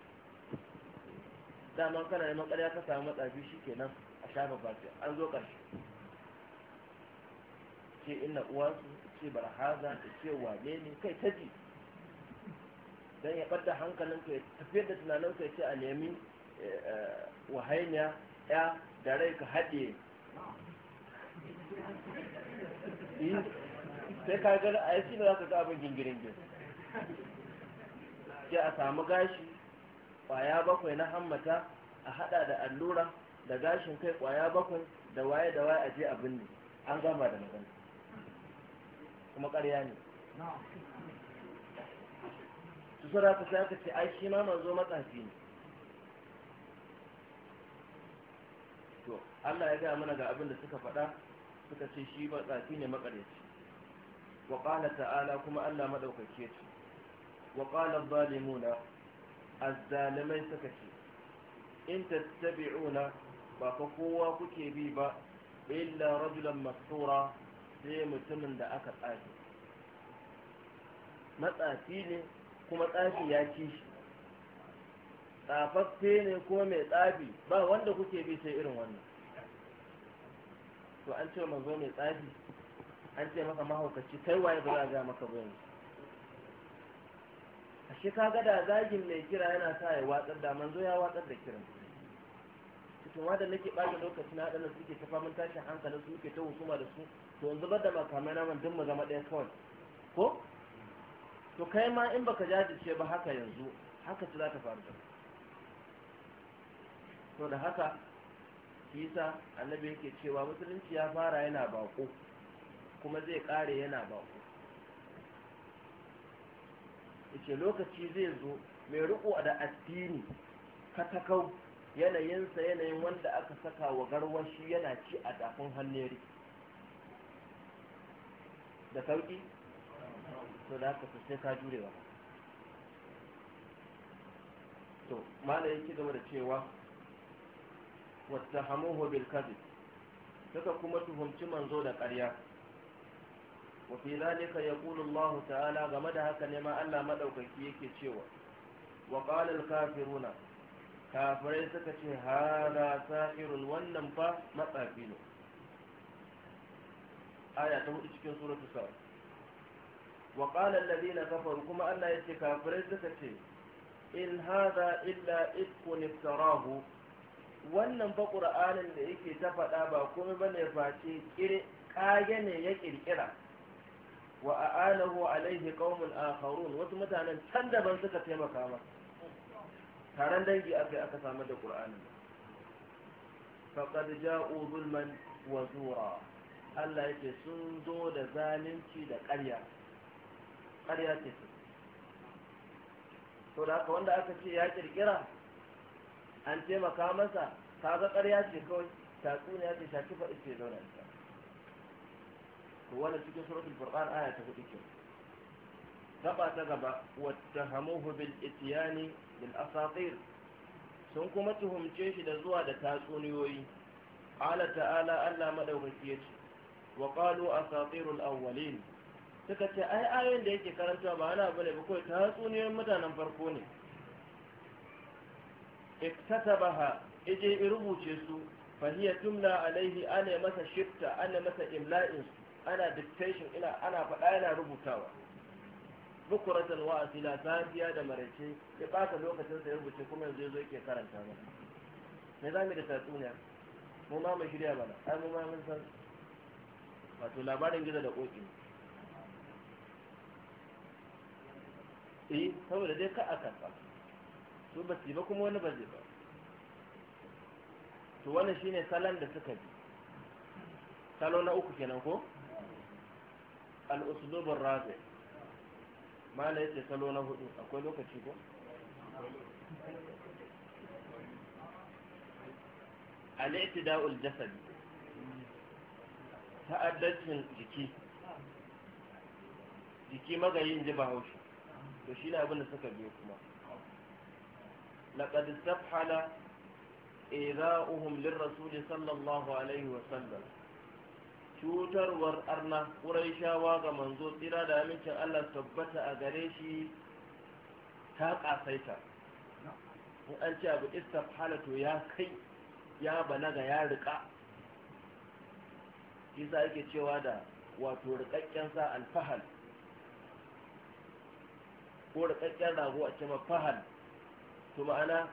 daman kana neman ya ka samu matsafi shikenan a shafa fatiha an zo ƙarshe ce ina uwansu ce haza da ce wane ne kai ta ji don ya ɓadda hankalin ka tafiye da tunanin ka ce a nemi eh, eh, wahainiya ya da rai ka haɗe eh, sai ka gani a yasi da za ka ga abin gingirin gin sai a samu gashi ƙwaya bakwai na hammata a haɗa da allura da gashin kai ƙwaya bakwai da waye da waye a je abin ne an gama da magana kuma ƙarya ne su sura ta sai aka ce ai shi ma manzo matsafi ne to Allah ya gaya mana ga abin da suka faɗa suka ce shi matsafi ne makareci wa ƙala ta'ala kuma Allah madaukake ce wa qala adh azzalimai suka ce in tattabi'una ba ka kowa kuke bi ba illa rajulan masura sai mutumin da aka tsafi matsafi ne kuma tsafi ya ci shi tsafaffe ne kuma mai tsafi ba wanda kuke bi sai irin wannan to an ce manzo mai tsafi an ce maka mahaukaci kai waye ba za a ga maka ba yanzu ashe ka ga da zagin mai kira yana sa ya watsar da manzo ya watsar da kiran cikin wadda nake ɓata lokacin na ɗanar suke ta famin tashin hankalin su suke ta husuma da su to yanzu ba da makamai na mun mu zama ɗaya kawai ko to kai ma in baka jajirce ba haka yanzu haka ci za ta faru to da haka kisa annabi yake cewa musulunci ya fara yana bako kuma zai kare yana bako yake lokaci zai zo mai riko da addini katakau yanayinsa yanayin wanda aka saka wa garwashi yana ci a dafin hanneri da sauki to da haka sai ka jurewa to mala ya gaba da cewa wata hamuhu bil suka kuma tuhumci manzo da ƙarya wa fi zalika yaqulu Allah ta'ala game da haka ne ma Allah madaukaki yake cewa wa qala al kafiruna kafirai suka ce hada sa'irun wannan fa matsafi ne aya ta hudu cikin suratul sa wa qala alladhina kafaru kuma Allah yace kafirai suka ce in hadha illa ifkun iftarahu wannan ba qur'anin da yake ta faɗa ba komai bane face kire kage ne ya kirkira wa a'alahu alaihi qaumun akharun wasu mutanen can daban suka taimaka ba taron dangi akai aka samu da qur'anin qad ja'u zulman wa zura Allah yake sun zo da zalunci da ƙarya ƙarya ce su to da haka wanda aka ce ya ƙirƙira. an taimaka masa ga ƙarya ce kawai tatsuniya ce shafi faɗi ce zaune ita to wanda cikin suratul furqan aya ta hudu ke gaba ta gaba hamuhu bil itiyani bil asatir sun kuma tuhumce shi da zuwa da tatsuniyoyi ala ta'ala Allah madaukaki ce wa qalu asatirul awwalin suka ce ai ayoyin da yake karantawa ba ana bane ba kawai tatsuniyoyin mutanen farko ne iktatabaha ije rubuce su fahiya tumla alaihi ana masa shifta ana masa imla'in ana dictation ina ana faɗa yana rubutawa bukuratan wa asila safiya da maraice ya ɓata lokacin sa ya rubuce kuma yanzu yazo yake karanta mana me zamu da tatsuniya mu ma mu shirya bana ai mu ma mun san wato labarin gizo da ƙoƙi eh saboda dai ka a karɓa su ba su ba kuma wani ba zai ba to wannan shine salon da suka bi salo na uku kenan ko al-uslubur rabi mala yace salo na hudu akwai lokaci ko al-i'tida'ul jasadi ta'addancin jiki jiki magayin ji ba haushi to shi ne abinda suka biyo kuma لقد استفحل إيذاؤهم للرسول sallallahu alaihi عليه وسلم cutar war arna shawa ga manzo tsira da amincin Allah tabbata a gare shi ta ƙasaita in an ce abu istafhala to ya kai ya balaga ya riƙa shi ake cewa da wato rikakken sa alfahal ko rikakken rago a cewa fahal to ma'ana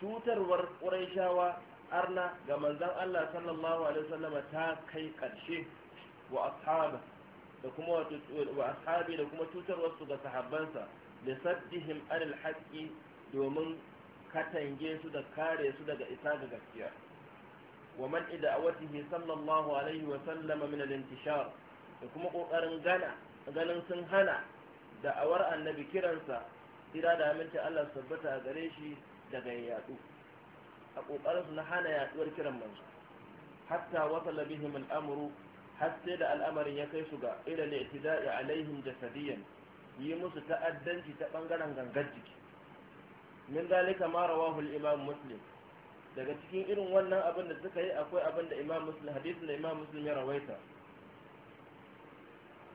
cutarwar ƙurayshawa arna ga manzan Allah sallallahu alaihi wasallama ta kai ƙarshe wa ashabi da kuma wa ashabi da kuma cutarwar su ga sahabbansa da saddihim anil haƙƙi domin katange su da kare su daga isa ga gaskiya ومنع دعوته صلى الله عليه وسلم من الانتشار kuma ƙoƙarin gana ganin sun hana da'awar annabi kiransa tira da aminci Allah sabbata a gare shi daga yadu a kokarin su na hana yaduwar kiran manzo hatta wasala bihim al'amru har sai da al'amarin ya kai su ga ila li'tida'i alaihim jasadiyan yi musu ta'addanci ta ɓangaren gangar jiki min dalika ma rawahu al-imam muslim daga cikin irin wannan abin da suka yi akwai abin da imam muslim hadisin da imam muslim ya rawaita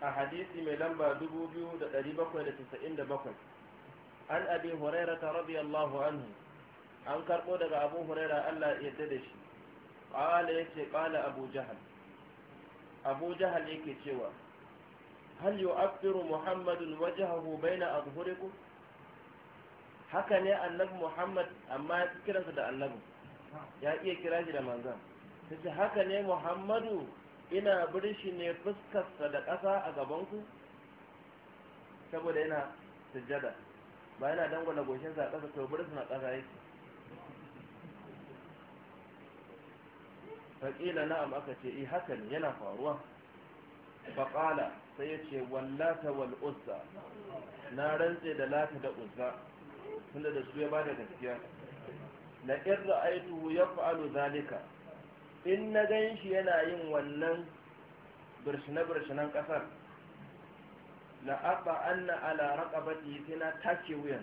a hadisi mai lamba 2797 an abi huraira ta radiyallahu anhu an karbo daga abu huraira Allah ya yarda da shi ya ce qala abu jahal abu jahal yake cewa hal yu'affiru muhammadun wajhahu baina adhhurikum haka ne annabi muhammad amma ya kiransa da annabi ya iya kira shi da manzan ta haka ne muhammadu ina birshi ne fuskarsa da ƙasa a gabanku saboda yana sujjada ba yana dangwala goshinsa a ƙasa to birsu na ƙasa yake faƙila na'am aka ce eh haka ne yana faruwa faƙala sai yace, ce wallata wal uzza na rantse da lata da uzza tunda da su ya ba da gaskiya la aitu ya fa’alu zalika in na gan shi yana yin wannan birshine-birshinan kasar la aba anna ala raqabati sai take wuyan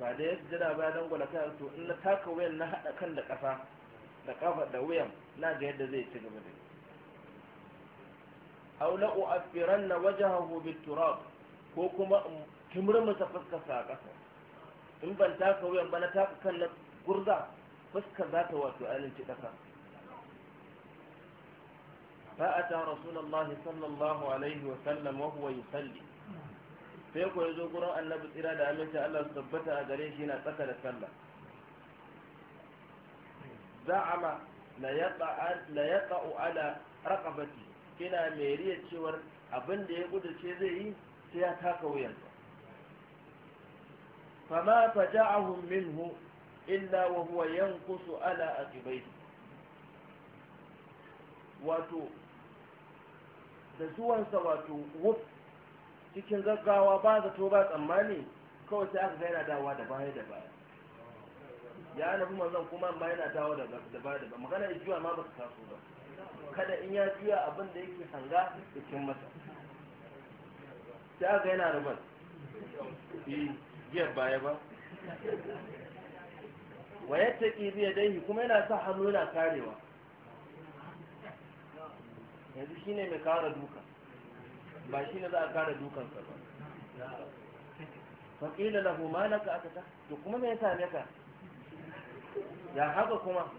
ba da ya jira ba gwada kayan su, in na taka wuyan na hada kan da kasa da kafa da wuyan na ga yadda zai ci gaba da aula la u'affiranna wajhahu bit turab ko kuma in timrmusa fuskarsa a kasa in ban taka wuyan ba na taka kan na gurza fuska za ta wato ainihin ɗaka فأتى رسول الله wa الله wa وسلم yi salli sai ko zo gurin annabi tsira da aminci Allah su tabbata a gare shi na tsaka da sallah za'ama ma na la yaqa ala raqabati kina mai riya cewar abin da ya gudu ce zai yi sai ya taka wuyansa فما فجعهم منه إلا وهو ينقص على أقبيه wato da suwansa wato تكن cikin gaggawa ba أماني ba tsammani kawai sai aka ga yana dawa da baya da ya kuma ma yana dawa da ba da magana ma ba ta ba kada in ya juya abin da yake hanga cikin masa sai aka yana rubar giyar baya ba wa ya taƙi biya daihi kuma yana sa hannu yana karewa yanzu shi ne mai kara duka ba shi ne za a kara dukansa ba faƙila lahu ma laka aka ta to kuma me yasa same ka ya haka kuma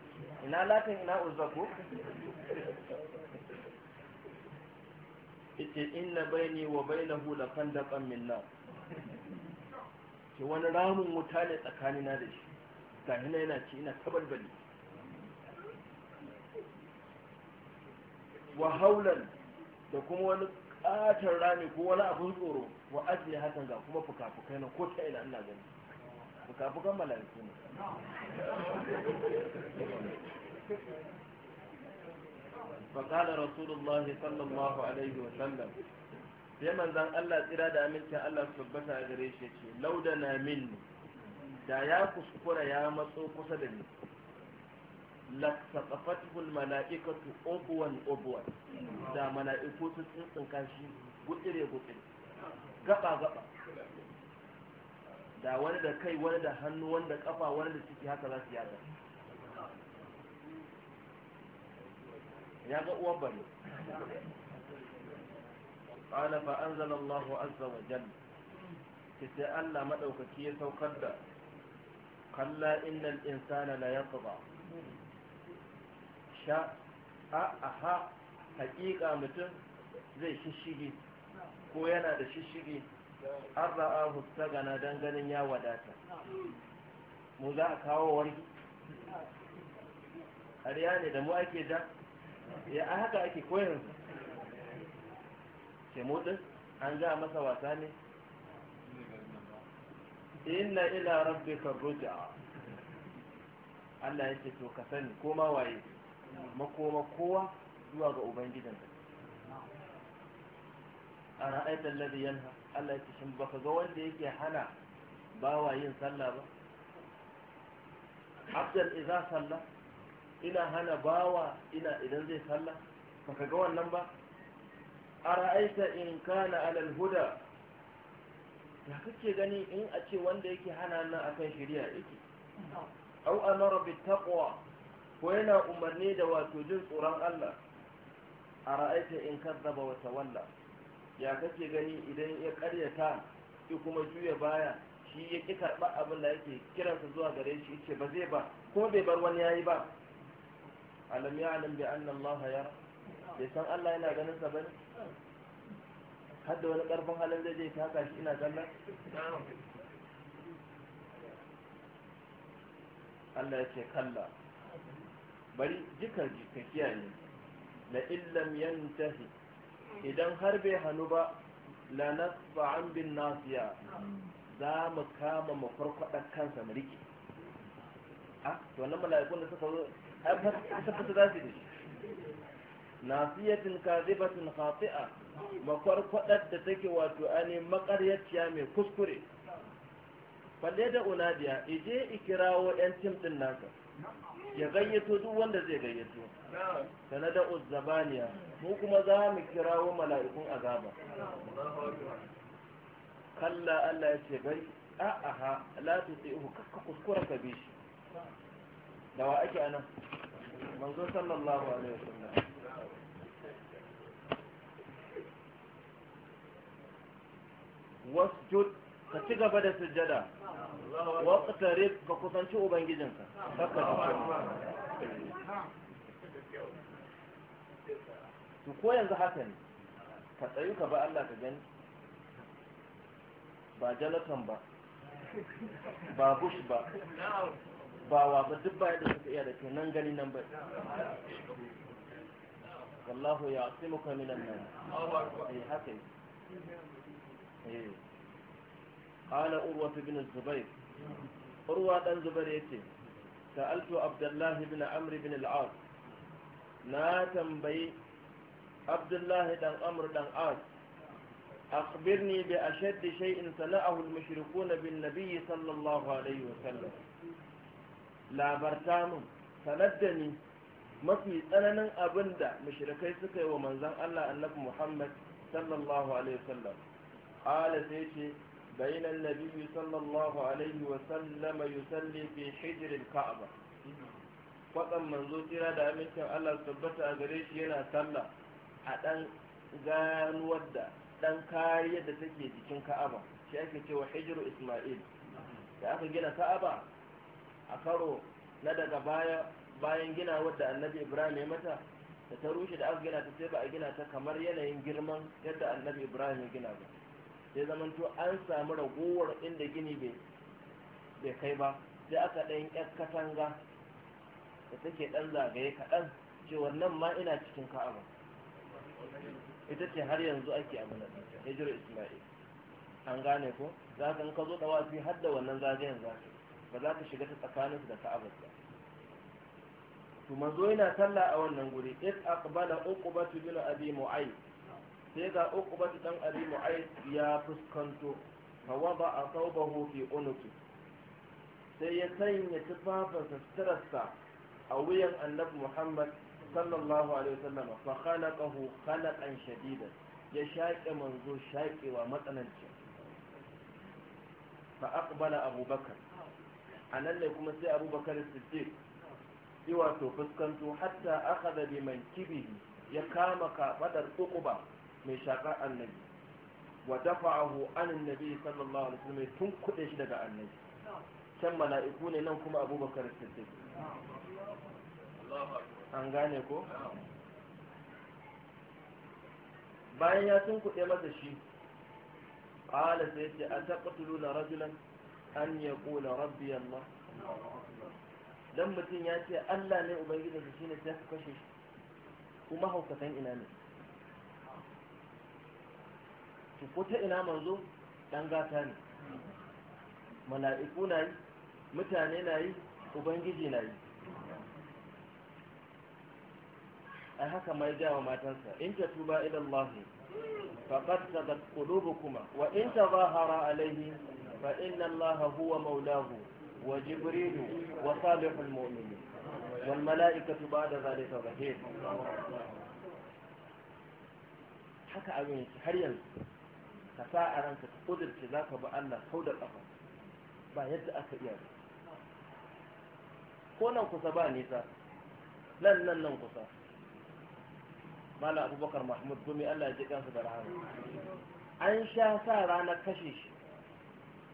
ina latin ina uzako ko ita inna baini wa bainahu la khandaqan min nar ke wani ramin wuta ne tsakanina da shi gani na yana ce ina tabalbali wa haulan da kuma wani katon rami ko wani abin tsoro wa ajiye hatan ga kuma fuka fuka na ko ta ina ina gani fuka-fukan malaiku ne فقال رسول الله صلى الله عليه وسلم sai manzan Allah tsira da aminta Allah su tabbata a gare shi ce lauda na ne da ya kuskura ya matso kusa da ni laksaqafatul mala'ikatu obuwan obuwan da mala'iku sun tsintsin kashi gutsire gutsire gaba gaba da wani da kai wani da hannu wani da kafa wani da ciki haka za su yaga ya ga uwan bari قال فأنزل الله عز وجل تسأل مدوككية وقد قلا إن الإنسان لا يطغى شاء أها حقيقة متن زي ششيجي ko yana da shishigi an ra'ahu tagana don ganin ya wadata mu za a kawo wargi har ne da mu ake da ya haka ake koyarwa kemo din an ja masa wasa ne inna ila rabbika ruj'a Allah yake to ka sani koma waye makoma kowa zuwa ga ubangijin a ra'aitar ladhi yanha Allah yake shin baka ga wanda yake hana bawa yin sallah ba abdan idza sallah, ina hana bawa ina idan zai sallah baka ga wannan ba ara'aita in kana alal huda ya kake gani in a ce wanda yake hana nan akan shari'a yake au amara bit taqwa ko yana umarni da wato jin tsoron Allah ara'aita in kadzaba wa tawalla ya kake gani idan ya karyata shi kuma juya baya shi ya ki karba abin da yake kiransa zuwa gare shi yace ba zai ba ko bai bar wani yayi ba alam ya'lam bi anna Allah yara bai san Allah yana ganin sa bane har da wani ƙarfin halin zai je taka shi ina sallah Allah ya ce kalla bari jikar ka kiyaye la illam yantahi idan har bai hannu ba la nasfa'an bin nasiya za mu kama mu farkwada kansa mu rike ah to wannan mala'ikun da suka zo ai fa ta fita za su yi nasiyatin kazibatin khati'a makwarkwadar da take wato ani makaryaciya mai kuskure falle da unadiya ije ikirawo yan tim din naka ya gayyato duk wanda zai gayyato sanada uzzabaniya mu kuma za mu kirawo mala'ikun azaba kalla Allah ya ce bai a'aha la uku, kakka kuskura ka bi shi da wa ake anan manzo sallallahu alaihi wasallam wasjud ka ci gaba da sujjada waqtarib ka kusanci ubangijinka haka to ko yanzu haka ne ka tsayu ka ba Allah ka gani ba jalatan ba ba bush ba ba wa ba duk baya da suka iya da ke nan gani nan ba wallahu ya asimuka minan nan sai eh, haka ne قال أروة بن الزبير أروة بن الزبير يتي سألت عبد الله بن عمرو بن العاص نا تنبي عبد الله بن عمرو بن عاص أخبرني بأشد شيء صنعه المشركون بالنبي صلى الله عليه وسلم لا برتام سندني mafi tsananin abin da mashirikai suka yi wa manzan Allah annabi Muhammad sallallahu alaihi wasallam قال سيتي بين النبي صلى الله عليه وسلم يصلي في حجر ka'aba kwatsan manzo kira da amincin Allah tabbata a gare shi yana sallah a ɗan ganuwar da ɗan kariyar da take jikin ka'aba shi ake cewa hijiru ismail da aka gina ka'aba a karo na daga baya bayan gina wadda annabi ibrahim ya mata da ta rushe da aka gina ta sai ba a gina ta kamar yanayin girman yadda annabi ibrahim ya gina ba sai zamanto an samu ragowar inda gini bai kai ba sai aka ɗan ƴar katanga da take ɗan zagaye kaɗan cewar nan ma ina cikin ka'aba ita ce har yanzu ake a mana isma'il an gane ko za ka ka zo har da wannan zagayen za ba za ka shiga ta tsakaninsu da ka'aba ba to manzo yana talla a wannan guri is aqbala uqbatu bin abi mu'ayyid sai ga uqbatu dan abi mu'ayyid ya fuskanto fa wada thawbahu fi unuki sai ya sanya tufafinsa suturarsa a wuyan annabi muhammad sallallahu alaihi wasallam fa khalaqahu khalaqan shadidan ya shaƙe manzo shaƙewa matsananci fa aqbala abubakar anan ne kuma sai abubakar siddiq yi wato fuskanto hatta akhadha bi mankibihi ya kama kafadar ukuba mai shaƙar annabi wa dafa'ahu an annabi sallallahu alaihi wasallam tun kuɗe shi daga annabi can mala'iku ne nan kuma abubakar siddiq an gane ko bayan ya tun kuɗe masa shi qala sai ce ataqtuluna rajulan an yaqula rabbi allah dan mutum ya ce Allah ne ubangijinsa shine sai ku kashe shi kuma haukatan ina ne to ko ta ina manzo dan gata ne mala'iku na yi mutane na yi ubangiji na yi a haka mai jawa matansa in ta tuba ila Allah faqad sadat kuma. wa in tazahara alayhi fa inna Allah huwa maulahu wa jibril wa salihul mu'minin wal mala'ikatu ba'da zalika zahir haka abin har yanzu ka sa a ranka ka kudurce za ka bi Allah kau da ƙafa ba yadda aka iya ba ko nan kusa ba nisa nan nan nan kusa mala abubakar mahmud gumi Allah ya ji kansa da rahama an sha sa ranar kashe shi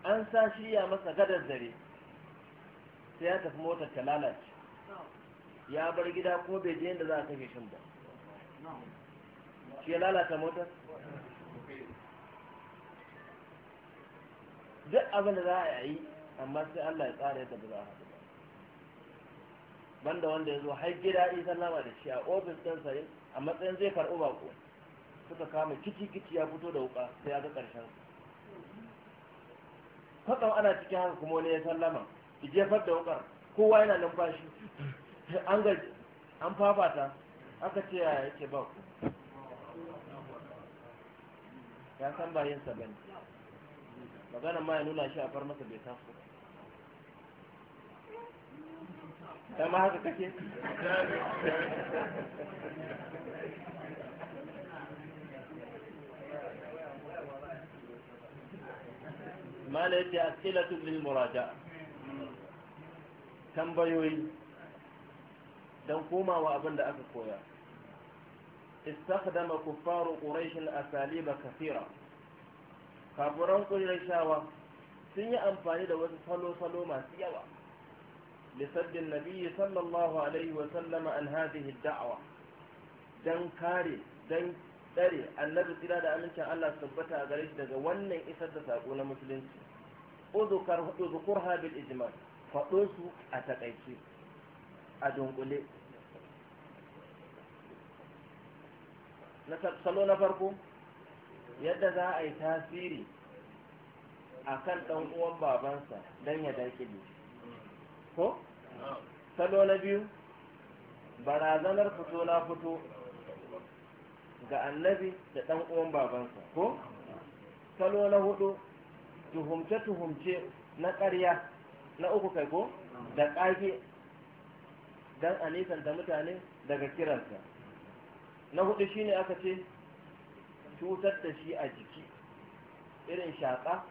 an sa shirya masa gadar dare sai ya tafi motar ta lalace ya bar gida ko bai je yadda za a kashe shi ba shi ya lalata motar duk abin da za a yi amma sai Allah ya tsara yadda ba za a haɗu ba banda wanda ya zo har gida yi sallama da shi a ofis ɗin sai a matsayin zai karɓi bako suka kama kici kici ya fito da wuka sai ya ga ƙarshen kwatsam ana cikin haka kuma wani ya sallama ki jefar da wukar kowa yana numfashi an gaji an fafata aka ce ya yake ba ku ya san bayan bane magana ma ya nuna shi a farmasa masa bai taso ta ma haka kake ما لا أسئلة للمراجعة tambayoyi don komawa abin da aka koya istakhdama kuffaru quraish asaliba kathira Kaburan kafuran shawa sun yi amfani da wasu salo-salo masu yawa Lissabin nabiyyi sallallahu alaihi wa sallama an hadhihi da'wa dan kare dan tsare annabi tsira da amincin Allah tabbata a gare shi daga wannan isar da sako na musulunci udhkar udhkurha bil ijma su a takaice a dunkule na salo na farko yadda za a yi tasiri a kan ɗan uwan babansa don ya ne ko salo na biyu barazanar fito na fito ga annabi da ɗan uwan babansa ko salo na hudu tuhumce-tuhumce na ƙarya na uku kai ko da ƙage don a nisanta mutane daga kiransa na hudu shine aka ce cutar da shi a jiki irin shaƙa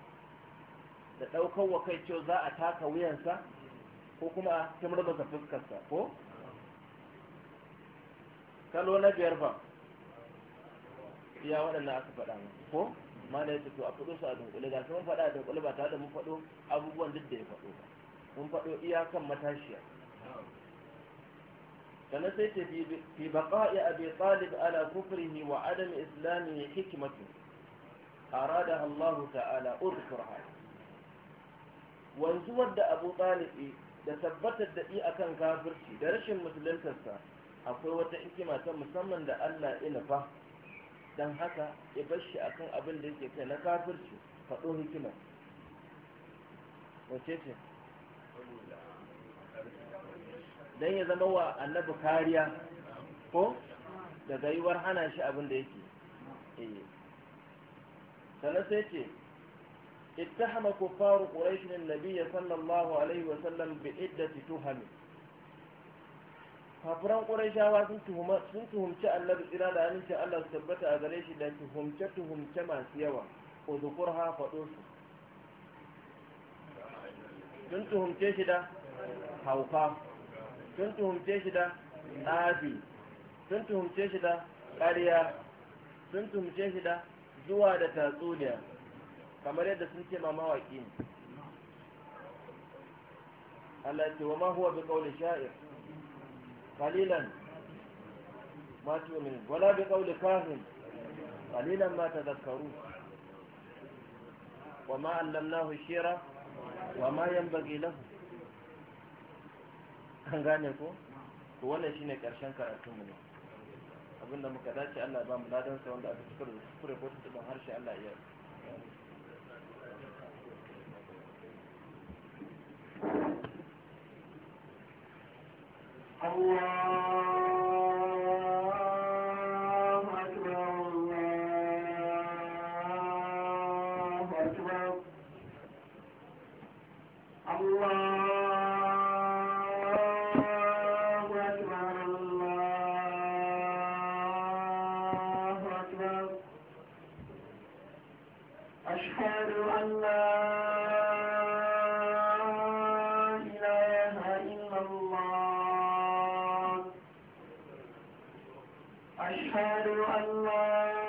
da ɗaukar wa kai cewa za a taka wuyansa ko kuma ta murmusa fuskarsa ko kalo na biyar ba ya waɗannan aka faɗa ko ma da ya to a faɗo su a dunkule ga mun faɗa a dunkule ba tare da mun faɗo abubuwan duk da ya faɗo ba mun faɗo iyakan matashiya sannan sai ta fi baƙa'i abi talib ala kufrihi wa adam islami hikimatu arada Allah ta'ala urkurha wanzuwar da abu talibi da tabbatar da i akan kafirci da rashin musuluntarsa akwai wata hikima ta musamman da Allah inafa nufa don haka ya bar shi akan abin da yake kai na kafirci faɗo hikimar don ya zama wa annabi kariya ko daga war hana shi abin da yake eh. sana sai ce اتهم كفار قريش النبي صلى الله عليه وسلم بعدة تهم kafiran ƙurashawa sun tuhumci annabi tsira da amincin Allah su tabbata a gare shi da tuhumce-tuhumce masu yawa ko zukur ha faɗo su sun tuhumce shi da hauka sun tuhumce shi da tsafi sun tuhumce shi da ƙarya sun tuhumce shi da zuwa da tatsuniya kamar yadda sun ce ma mawaƙi ne Allah ce wa ma huwa bi qawli sha'ir qalilan ma tu'minu wala bi qawli kahin qalilan ma tadhakkaru wa ma 'allamnahu shira wa ma yanbaghi lahu an gane ko to wannan shine karshen karatun mu ne abinda muka dace Allah ya ba mu ladan sa wanda aka cikar da kuskure ko tsiban harshe Allah ya Allah أشهد أن لا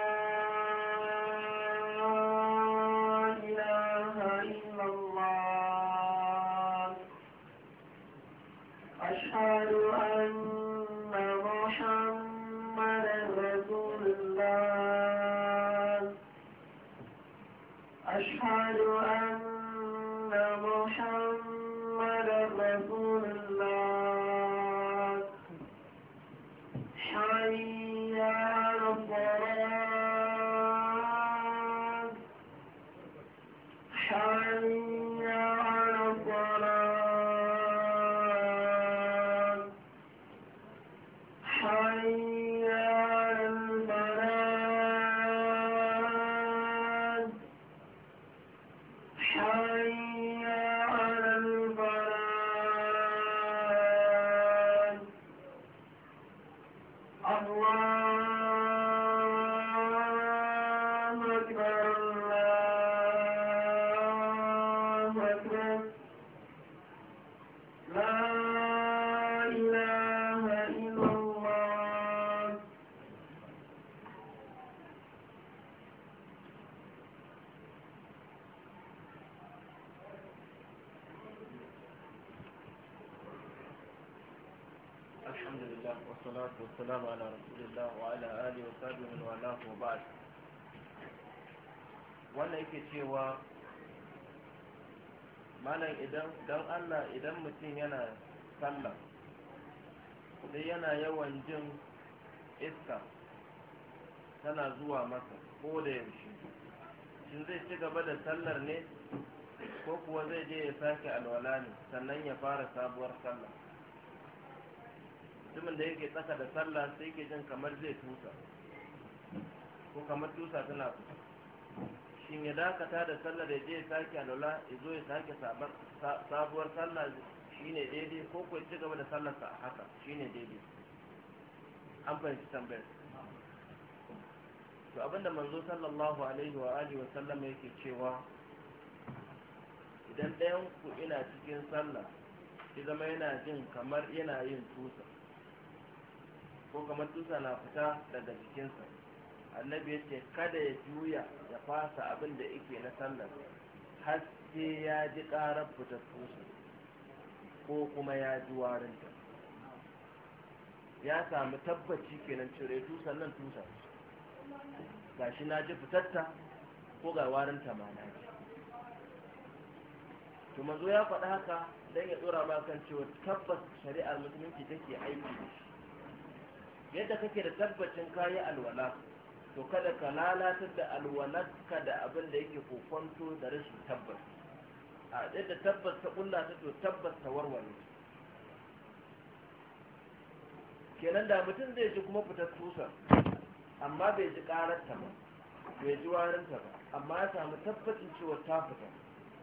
والصلاة والسلام على رسول الله وعلى آله وصحبه من والاه وبعد yake cewa malam idan Allah idan mutum yana sallah sai yana yawan jin iska tana zuwa masa ko da yaushe shin zai ci gaba da sallar ne ko kuwa zai je ya sake alwala ne sannan ya fara sabuwar sallah mutumin da yake tsaka da sallah sai ke jin kamar zai tusa ko kamar tusa tana fita shin ya dakata da sallah ya je ya sake alwala ya zo ya sake sabuwar sallah shi ne daidai ko ko ci gaba da sallarsa a haka ne daidai an fahimci tambayar to abinda manzo sallallahu alaihi wa alihi wa sallam yake cewa idan ɗayan ku ina cikin sallah shi zama yana jin kamar yana yin tusa ko kamar tusa na fita daga jikinsa annabi ya ce kada ya juya ya fasa abin da yake na sallar har sai ya ji karar fitar tusa ko kuma ya ji warinta ya sami tabbaci kenan cire tusan nan tusa gashi na ji fitarta ko ga warinta ma na ji to manzo ya faɗa haka don ya tsura ma kan cewa tabbas shari'ar musulunci take aiki da shi yadda kake da tabbacin kayi alwala to kada ka lalatar da alwalarka da abin da yake kokonto da rashin tabbas a yadda tabbas ta kulla ta to tabbas ta warware kenan da mutum zai ji kuma fitar tusa amma bai ji karar ta ba bai ji warin ta ba amma ya samu tabbacin cewa ta fita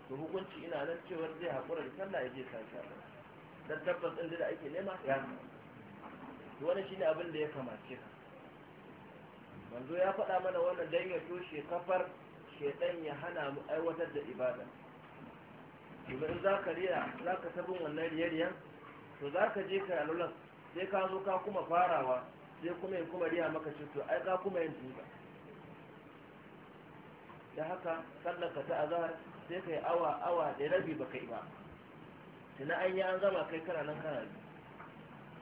to hukunci ina nan cewa zai haƙura da sallah ya je sashi a dan tabbas ɗin da ake nema ya samu to shi shine abin da ya kamace ka manzo ya faɗa mana wannan don ya toshe kafar shedan ya hana mu aiwatar da ibada domin in za ka riya za ka sabon wannan riyariyan to za ka je ka alulan sai ka zo ka kuma farawa sai kuma yin kuma riya maka ce to ai ka kuma yin tuba da haka sannan ka ta azahar sai ka yi awa awa da rabi baka yi ba tuna an yi an zama kai kana nan kana biyu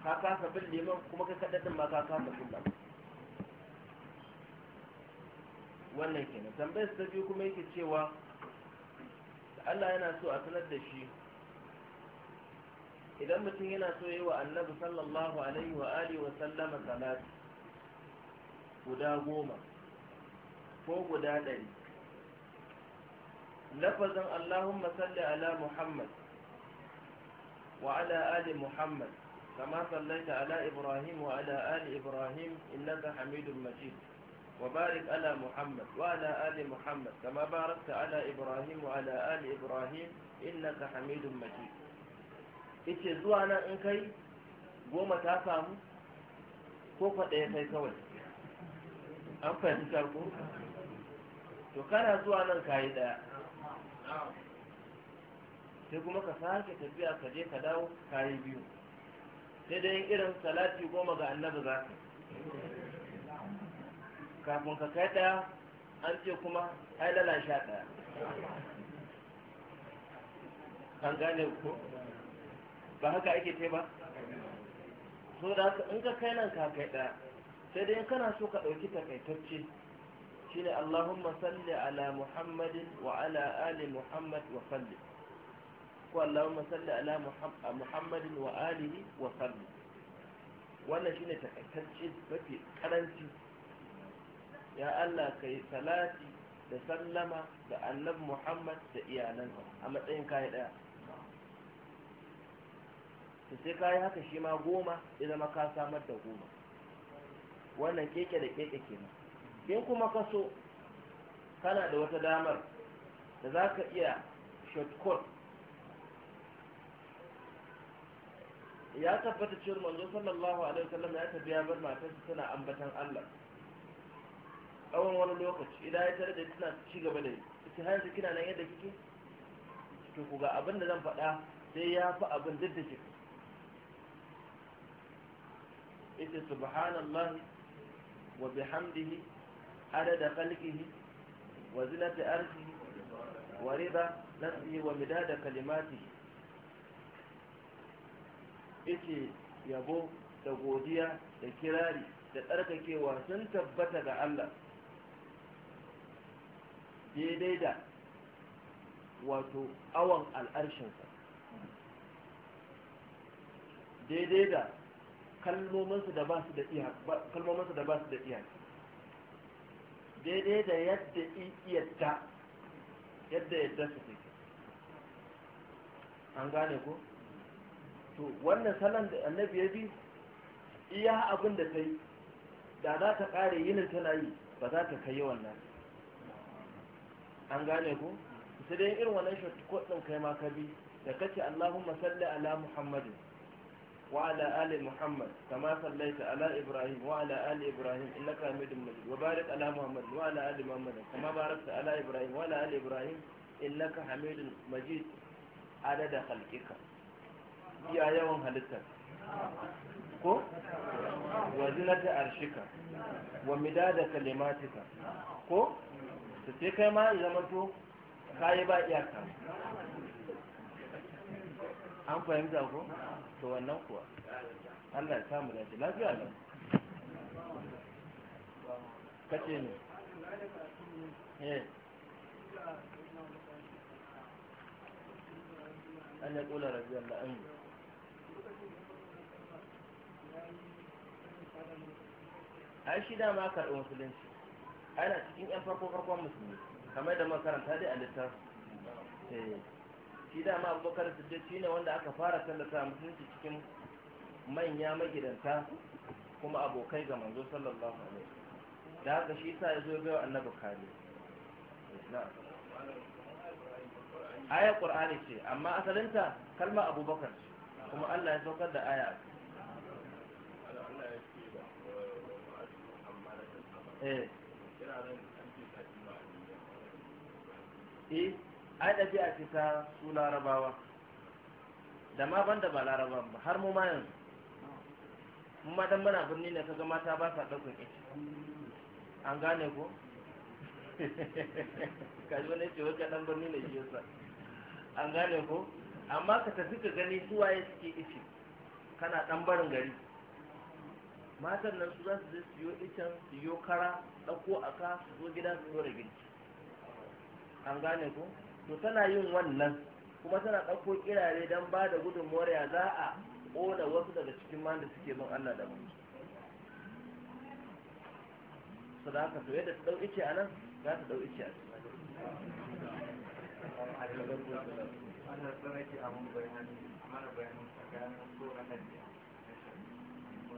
ka kasa bin liman kuma ka kaɗaɗin ma ka kasa kulla wannan kenan tambayar ta biyu kuma yake cewa Allah yana so a sanar da shi idan mutum yana so yi wa annabi sallallahu alaihi wa alihi wa sallama salati guda goma ko guda ɗari lafazin Allahumma salli ala Muhammad wa ala ali Muhammad كما صليت على إبراهيم وعلى آل إبراهيم إنك حميد مجيد وبارك على محمد وعلى آل محمد كما باركت على إبراهيم وعلى آل إبراهيم إنك حميد مجيد ita zuwa nan in kai goma ta samu ko kwaɗaya kai kawai an fahimtar ku to kana zuwa nan kayi ɗaya sai kuma ka sake tafiya ka je ka dawo kayi biyu sai dai irin salati goma ga annabi za ka kafin ka kai ɗaya an ce kuma hailala sha ɗaya kan gane ko ba haka ake ce ba so da haka in ka kai nan ka kai ɗaya sai dai kana so ka ɗauki takaitacce shine Allahumma salli ala Muhammadin wa ala ali Muhammad wa sallim ko Allahumma salli ala Muhammadin wa alihi wa sallam wannan shine takaitacce mafi karanci ya Allah kai salati da sallama da annabi Muhammad da iyalansa a matsayin kai daya to sai kai haka shi ma goma ya zama ka samar da goma wannan keke da keke kenan in kuma ka so kana da wata damar da za ka iya shortcut ya tabbata cewar manzo sallallahu alaihi wasallam ya tafi bar matarsa tana ambatan Allah tsawon wani lokaci idan ya tare da tana ci gaba da ita kina nan yadda kike to ku ga abin da zan faɗa sai ya fi abin duk da kike ita subhanallahi wa bihamdihi adada khalqihi wa zinati arshihi wa rida nafsihi wa midada kalimatihi yake yabo da godiya da kirari da tsarkakewa sun tabbata ga Allah daidai da wato awon al'arshinsa daidai da kalmominsa da ba su da iyaki, daidai da yadda iyadda yadda yadda su take an gane ko? to wannan salon da annabi ya bi iya abin da ta da za ta ƙare yinin tana yi ba za ta kai yawan an gane ku su dai irin wannan shi ko ɗin kai ma kabi da kace Allahumma salli ala Muhammadin wa ala ali Muhammad kama sallaita ala Ibrahim wa ala ali Ibrahim innaka Hamidum Majid wa barik ala Muhammad wa ala ali Muhammad kama barakta ala Ibrahim wa ala ali Ibrahim innaka Hamidum Majid adada khalqika iya yawan halittar ko wa zinata arshika wa midada kalimatika ko su sai kai ma zama to kayi ba iyaka an fahimta ko to wannan kuwa Allah ya samu da lafiya ne kace ne eh an ya kula rabbi Allah ai shi dama karɓi musulunci ana cikin yan farko farkon musulmi kamar da makaranta dai a littafi eh, shi dama abubakar siddiq shi ne wanda aka fara tallata musulunci cikin manya magidanta kuma abokai ga manzo sallallahu alaihi da haka shi sa ya zo ga annabi kare ayar qur'ani ce amma asalinta kalma abubakar kuma Allah ya saukar da aya Eh. eh ai ɗabi'a ce ta su larabawa da ma banda ba laraba ba har mu ma yanzu mu ma dan birni ne kaga mata ba sa ɗaukar ice an gane ko kaji wani ce wata dan birni ne shi yasa an gane ko amma ka tafi ka gani suwaye suke ishi kana dan barin gari matan nan su za su je siyo itan siyo kara ɗauko a ka su zo gida su da girki an gane ku to tana yin wannan kuma tana ɗauko kirare don ba da gudunmuwar ya za a ƙona wasu daga cikin man da suke bin Allah da mutu su da haka to yadda ta ɗau ice a nan za ta ɗau ice a cikin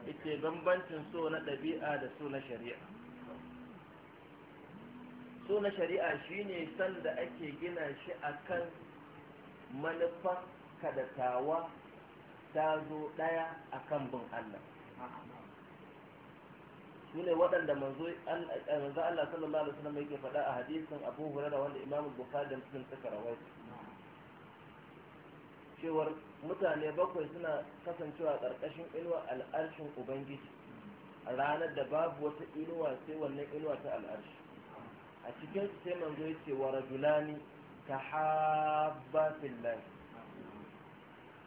ita bambancin so na ɗabi'a da so na shari'a so na shari'a shine san da ake gina shi akan manufan kadatawa ta zo ɗaya akan bin Allah su ne waɗanda manzo Allah sallallahu alaihi wasallam yake faɗa a hadisin Abu Hurairah wanda Imam Bukhari da Muslim suka rawaita cewar mutane bakwai suna kasancewa ƙarƙashin inuwa al'arshin ubangiji a ranar da babu wata inuwa sai wannan inuwa ta al'arshi a cikin su sai manzo ya ce wa rajulani ta haba fillan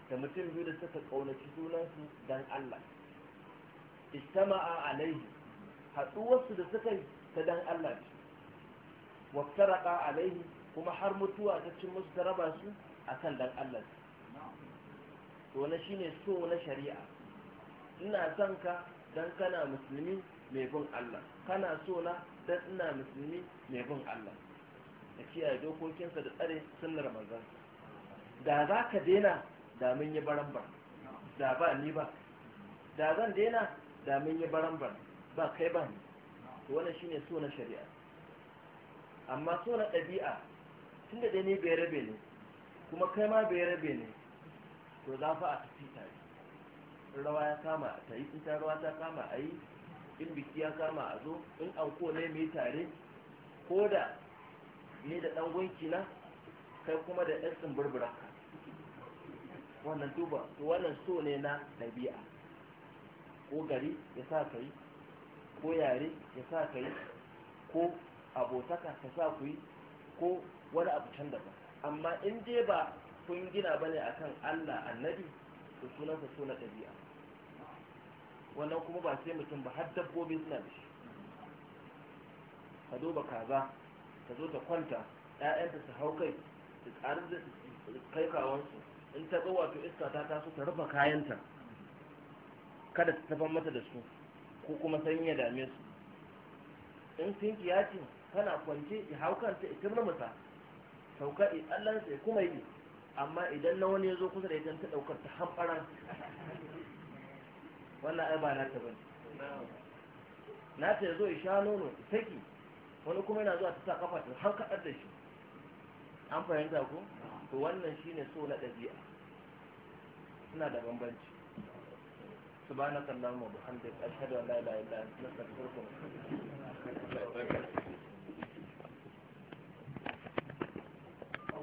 da mutum biyu da suka ƙaunaci sunansu don Allah istama'a alaihi haɗuwarsu da suka yi ta don Allah ce waftaraka alaihi kuma har mutuwa ta cin musu ta raba su a dan Allah to na shine so na shari'a ina son ka dan kana musulmi mai bin Allah kana so na dan ina musulmi mai bin Allah da kiyaye dokokinsa da tsare sunnar manzon da za ka daina da mun yi barambar da ba ni ba da zan daina da mun yi barambar ba kai ba ni wannan shine so na shari'a amma so na ɗabi'a tunda da ni bai rabe ne kuma kai ma bai rabe ne to za fa a tafi tare rawa ya kama a tayi in rawa ta kama a yi in biki ya kama a zo in anko ne mai tare ko da ni da dan gunki na kai kuma da ɗan tsumburbura wannan duba to wannan so ne na dabi'a ko gari ya sa ka yi ko yare ya sa ka yi ko abotaka ta sa ku yi ko wani abu can daban amma in je ba kun gina ba ne akan Allah annabi da sunansa suna ɗabi'a? wannan kuma ba sai mutum ba har dabbobi suna da shi ka duba kaza ka zo ta kwanta ƴaƴanta su hau kai su da kai kawansu in ta tsawo wato iska ta taso ta rufe kayanta kada ta tafan mata da su ko kuma sanyi ya dame su in sun ya ce kana kwance ya hau kanta ya kirna mata sauka ya tsallansa ya kuma yi amma idan na wani ya zo kusa da idan ta ɗaukar ta hamɓaran wannan ai ba na ta bane na ta ya zo ya sha nono saki wani kuma yana zuwa ta sa kafa ta har kaɗar da shi an fahimta ko to wannan shine so na ɗabi'a suna da bambanci subhanakallahumma wa bihamdika ashhadu an la ilaha illa anta astaghfiruka wa atubu ilaik